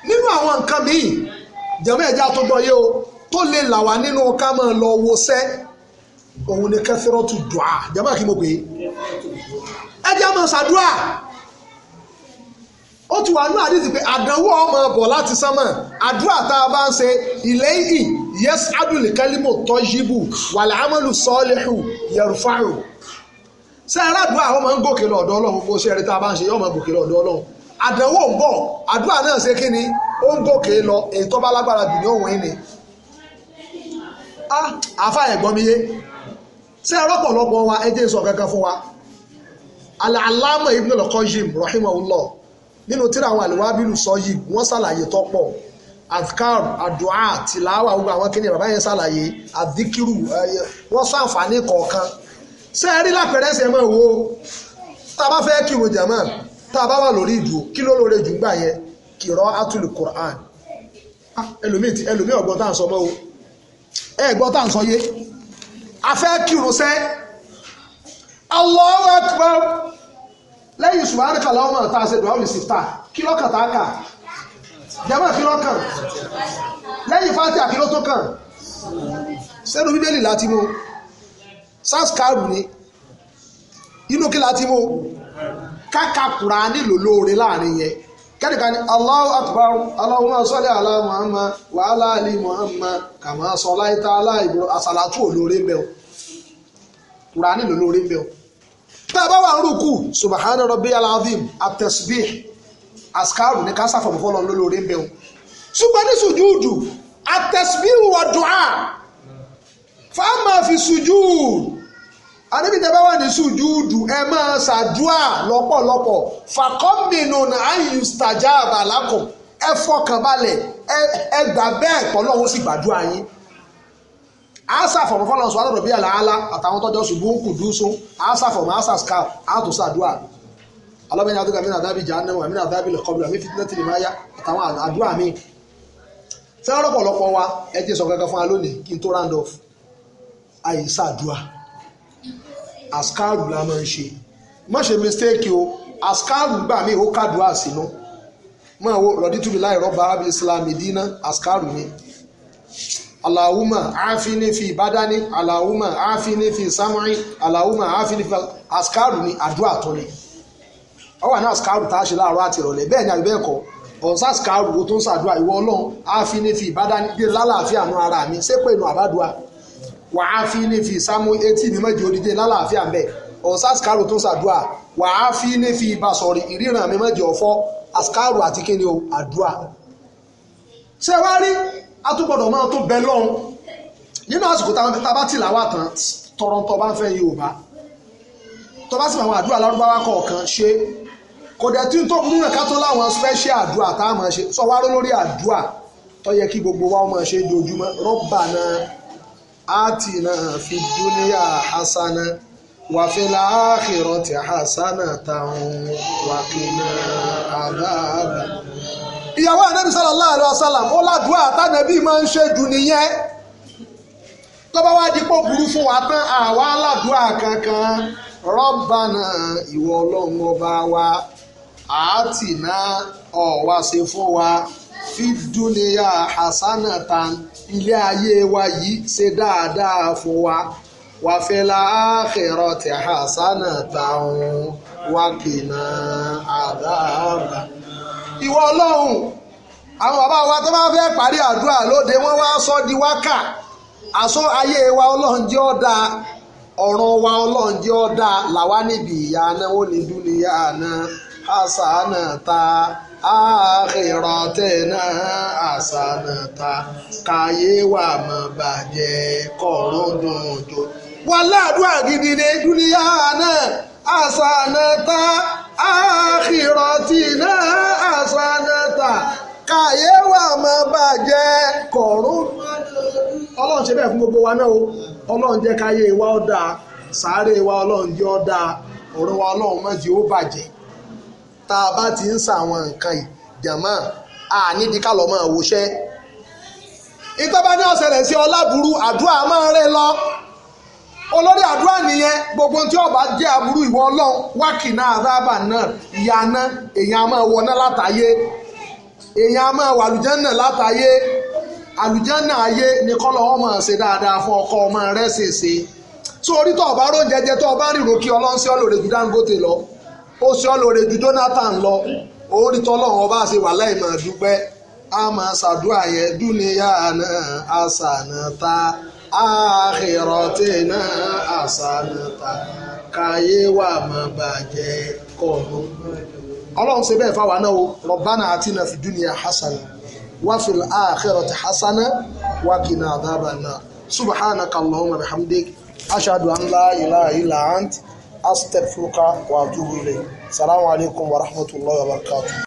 nínú àwọn nǹkan míì jẹ̀mọ́ ẹ̀já tó gbọ́ yé o tó lè là wá nínú ká máa lọ wo sẹ́ òun ni kẹfìrọ́tù dùà jẹ̀mọ́ kí mo pè é ẹjẹ́ máa ṣàdúrà ó ti wà nínú àdìsí pé àdánwò ọmọ bọ̀ láti sánmọ̀ àdúrà tá a bá ń ṣe ìlẹ́yìn yẹ́sì adùn kálímù tọ́jìbù wàlẹ̀ amọ̀lù sọ́ọ̀lẹ́hù yẹrùfáàrù ṣé aládùúgbò àwọn máa ń gòkè lọ ọ̀dọ̀ ọlọ́run kó ṣe eré tá a bá ń ṣe yọ́ máa gòkè lọ ọ̀dọ̀ ọlọ́run àdánwò ń bọ̀ àdúrà náà ṣe kí ni ó ń gòkè lọ èyí tó bá lágbára jù ní òun ẹni ah, àfa ẹ̀gbọ́n mi yé ṣé ọlọ́pọ̀lọpọ̀ wa ẹ jẹ́ sọ kankan fún wa al-Allāmah Ibn al nínú tíra àwọn àlùwábìlù sọ yìí wọ́n ṣàlàyé tọ́pọ̀ adkar adua tìláwà gbogbo àwọn kíni bàbá yẹn ṣàlàyé adikiru wọ́n ṣàǹfààní kọ̀ọ̀kan ṣé ẹ rí lápẹ̀rẹ́ ṣe mọ̀ wo tá a bá fẹ́ kírun jàmọ́ tá a bá wà lórí ìdúró kí ló lóore jù ń gbà yẹn kìrọ́ atul Qur'an ah, ẹlòmíì tí ẹlòmíì ọ̀gbọ́n tá à ń sọ mọ́ o ẹ gbọ́ tá à ń sọ yé a fẹ́ kírun sẹ́ Allahu Akbar lẹ́yìn subhanaka Allahumma tá a ṣe dùn àwọn ìsìta kí lọ́kàn kà jẹ́mọ́ ìfilọ́ kàn lẹ́yìn fáti àkìlọ́ tó kàn sẹ́nu bíbélì láti mú sáskàrù ni inú kí láti mú káka Kùránì nílò lóore láàrin yẹn kẹ́nìkan ni Allahu akbar Allahumma salli ala Muhammad wa ala ali Muhammad kama sallaita ala Ibrahim àsàlátù olóore bẹ́ẹ̀ Kùránì nílò lóore bẹ́ẹ̀ tá a bá wà ń rúkú àsìkáàrù ní ká sàfọ̀mọ́ fọlọ́n lólórí ń bẹ̀ o ṣùgbọ́n ní sùjúùdù àtẹ̀síbíù wàdùá fáàmà fi sùjúùdù àdébìtẹ́ bá wà ní sùjúùdù ẹ máa ṣàdúà lọ́pọ̀lọpọ̀ fàkọ́mìnù àyù stajà àbàlákùn ẹ fọkànbalẹ̀ ẹ gbà bẹ́ẹ̀ pọ̀lọ́hún sì gbàdúrà yín asafọmọ fọlọsọ alọrọ bíi àlàálá àtàwọn tọjọ ṣùgbọn kùdùsùn asafọmọ asaskal àtúnṣàdúrà alábẹ́ni adúgbò àmì àdábì jahannam àmì àdábì lẹ́kọ́bìlì àmì fitinati lè máa yá àtàwọn àdúrà mi. sẹ́wọ́n lọ́pọ̀lọpọ̀ wa ẹ ti sọ kankan fún wa lónìí kí n tó round off àyè sàdúà àsìkáàrù la máa ń ṣe má ṣe mistake o àsìkáàrù gbà mí ó kàdúà sínú máa wo rọ̀dítùbí láì rọ́bà ábí islam ìdínà àsìkáàrù mi alahuma afini fi badani alahuma afini fi sam'i alahuma afini fi askaru ni àdúà tó ọwọ́ àná àsìkáàrù tá a ṣe láàárọ̀ àti ìrọ̀lẹ́ bẹ́ẹ̀ ni àbí bẹ́ẹ̀ kọ́ ọ̀sán àsìkáàrù wo tó ń ṣàdúrà ìwọ ọlọ́run àfi ní fi ìbádání dé lálàáfíà nu ara mi ṣépè nu àbádùá wà á fi ní fi ìsámú etí mi mọ́jì odidi lálàáfíà bẹ́ẹ̀ ọ̀sán àsìkáàrù tó ń ṣàdúrà wà á fi ní fi ìbásọ̀rì ìríran mi mọ́jì ọ̀fọ́ àsìkáàrù àti kíni o àdúrà. ṣé wàá rí atúgbọ̀dọ̀ máa tó bẹ lọ́run nínú àsìkò tábà tì láwà tán àdúrà lárúbáwá kọ̀ọ̀kan ṣe kò dẹ̀ tí ń tó múnà ká tó láwọn special àdúrà tá a máa ṣe sọ wá lórí àdúrà tó yẹ kí gbogbo wa máa ṣe dojúmọ́ rọ́bà náà àti náà fi dúníyà hasana wàfẹ́lá àkìrọ̀ tí hasana táwọn wàkìlá àdáàbà. ìyàwó ànábì sallallahu alaihi wasallam ó ládùúgbò àtànàbí máa ń ṣe jù nìyẹn lọ́ba wá dípò burú fún wa tán àwa aládùúgbò kankan rọ́bà náà ìwọ ọlọ́run ọba wa. àátì náà ọ̀wá ṣe fún wa fídúnìyà ta ilé ayé wa yìí ṣe dáadáa fún wa wà fẹ́lá àkẹrọ tẹ̀ hasanatan wà kìnnà àdáàbà. ìwọ ọlọ́run àwọn bàbá wa tó bá fẹ́ parí àdúrà lóde wọ́n wá sọ di wákà àsọ ayé wa ọlọ́run jẹ́ ọ́ ọ̀ràn wa ọlọ́run jẹ́ ọ́ dáa làwa níbi ìyá náà wọ́n ní dúnìyà náà. حسنة àkìrọ̀tẹ̀nà àsànàta káyé wà mọ́ bàjẹ́ kọ̀ọ̀rọ̀dùn òjò. wà ládùúgbà gidi ní dúníyà náà àsànàta àkìrọ̀tẹ̀nà àsànàta káyé wà mọ́ bàjẹ́ kọ̀ọ̀rọ̀dùn. ọlọ́run ṣe bẹ́ẹ̀ fún gbogbo wa náà o ọlọ́run jẹ́ káyé wa ó dáa sàárè wa ọlọ́run jẹ́ ó ọ̀rọ̀ wa ọlọ́run má jẹ́ ó bàjẹ́ tá a bá ti ń sa àwọn nǹkan yìí jàmọ́ a nídi ká lọ́ máa wọṣẹ́ ìtọ́ba ní ọ̀sẹ̀lẹ̀ sí ọlábùrú àdúrà máa rẹ lọ olórí àdúrà nìyẹn gbogbo tí ọba jẹ́ aburú ìwọ ọlọ́run wákìnà àdábà náà ìyànà èèyàn a máa wọná látàyé èèyàn a máa wà àlùjànnà látàyé àlùjànnà ayé ni kọ́lọ́ ọmọ ṣe dáadáa fún ọkọ ọmọ rẹ̀ ṣèṣe tó orí tó ọba rò jẹjẹ tó ọba rìnrò kí ọlọ́run sí ọlọ́run ó ṣe ọ́ lóore ju Jonathan lọ orí tọ́lọ́run ọba ṣe wà láì máa dúpẹ́ a máa ṣàdúrà yẹn dúnìyà náà àṣànàta àhìrọ̀tì náà àṣànàta káyé wà máa bàjẹ́ kọ̀ọ̀nù. ọlọ́run ṣe bẹ́ẹ̀ fáwa náà o rọ̀bánà àti nàfi dúnìyà hasana wàfìl àhìrọ̀tì hasana wàkìnà àdábànà subhanaka allahumma bihamdik ashhadu an la astaghfiruka wa atubu ilayk salamu alaykum wa rahmatulahi wa barakatuh.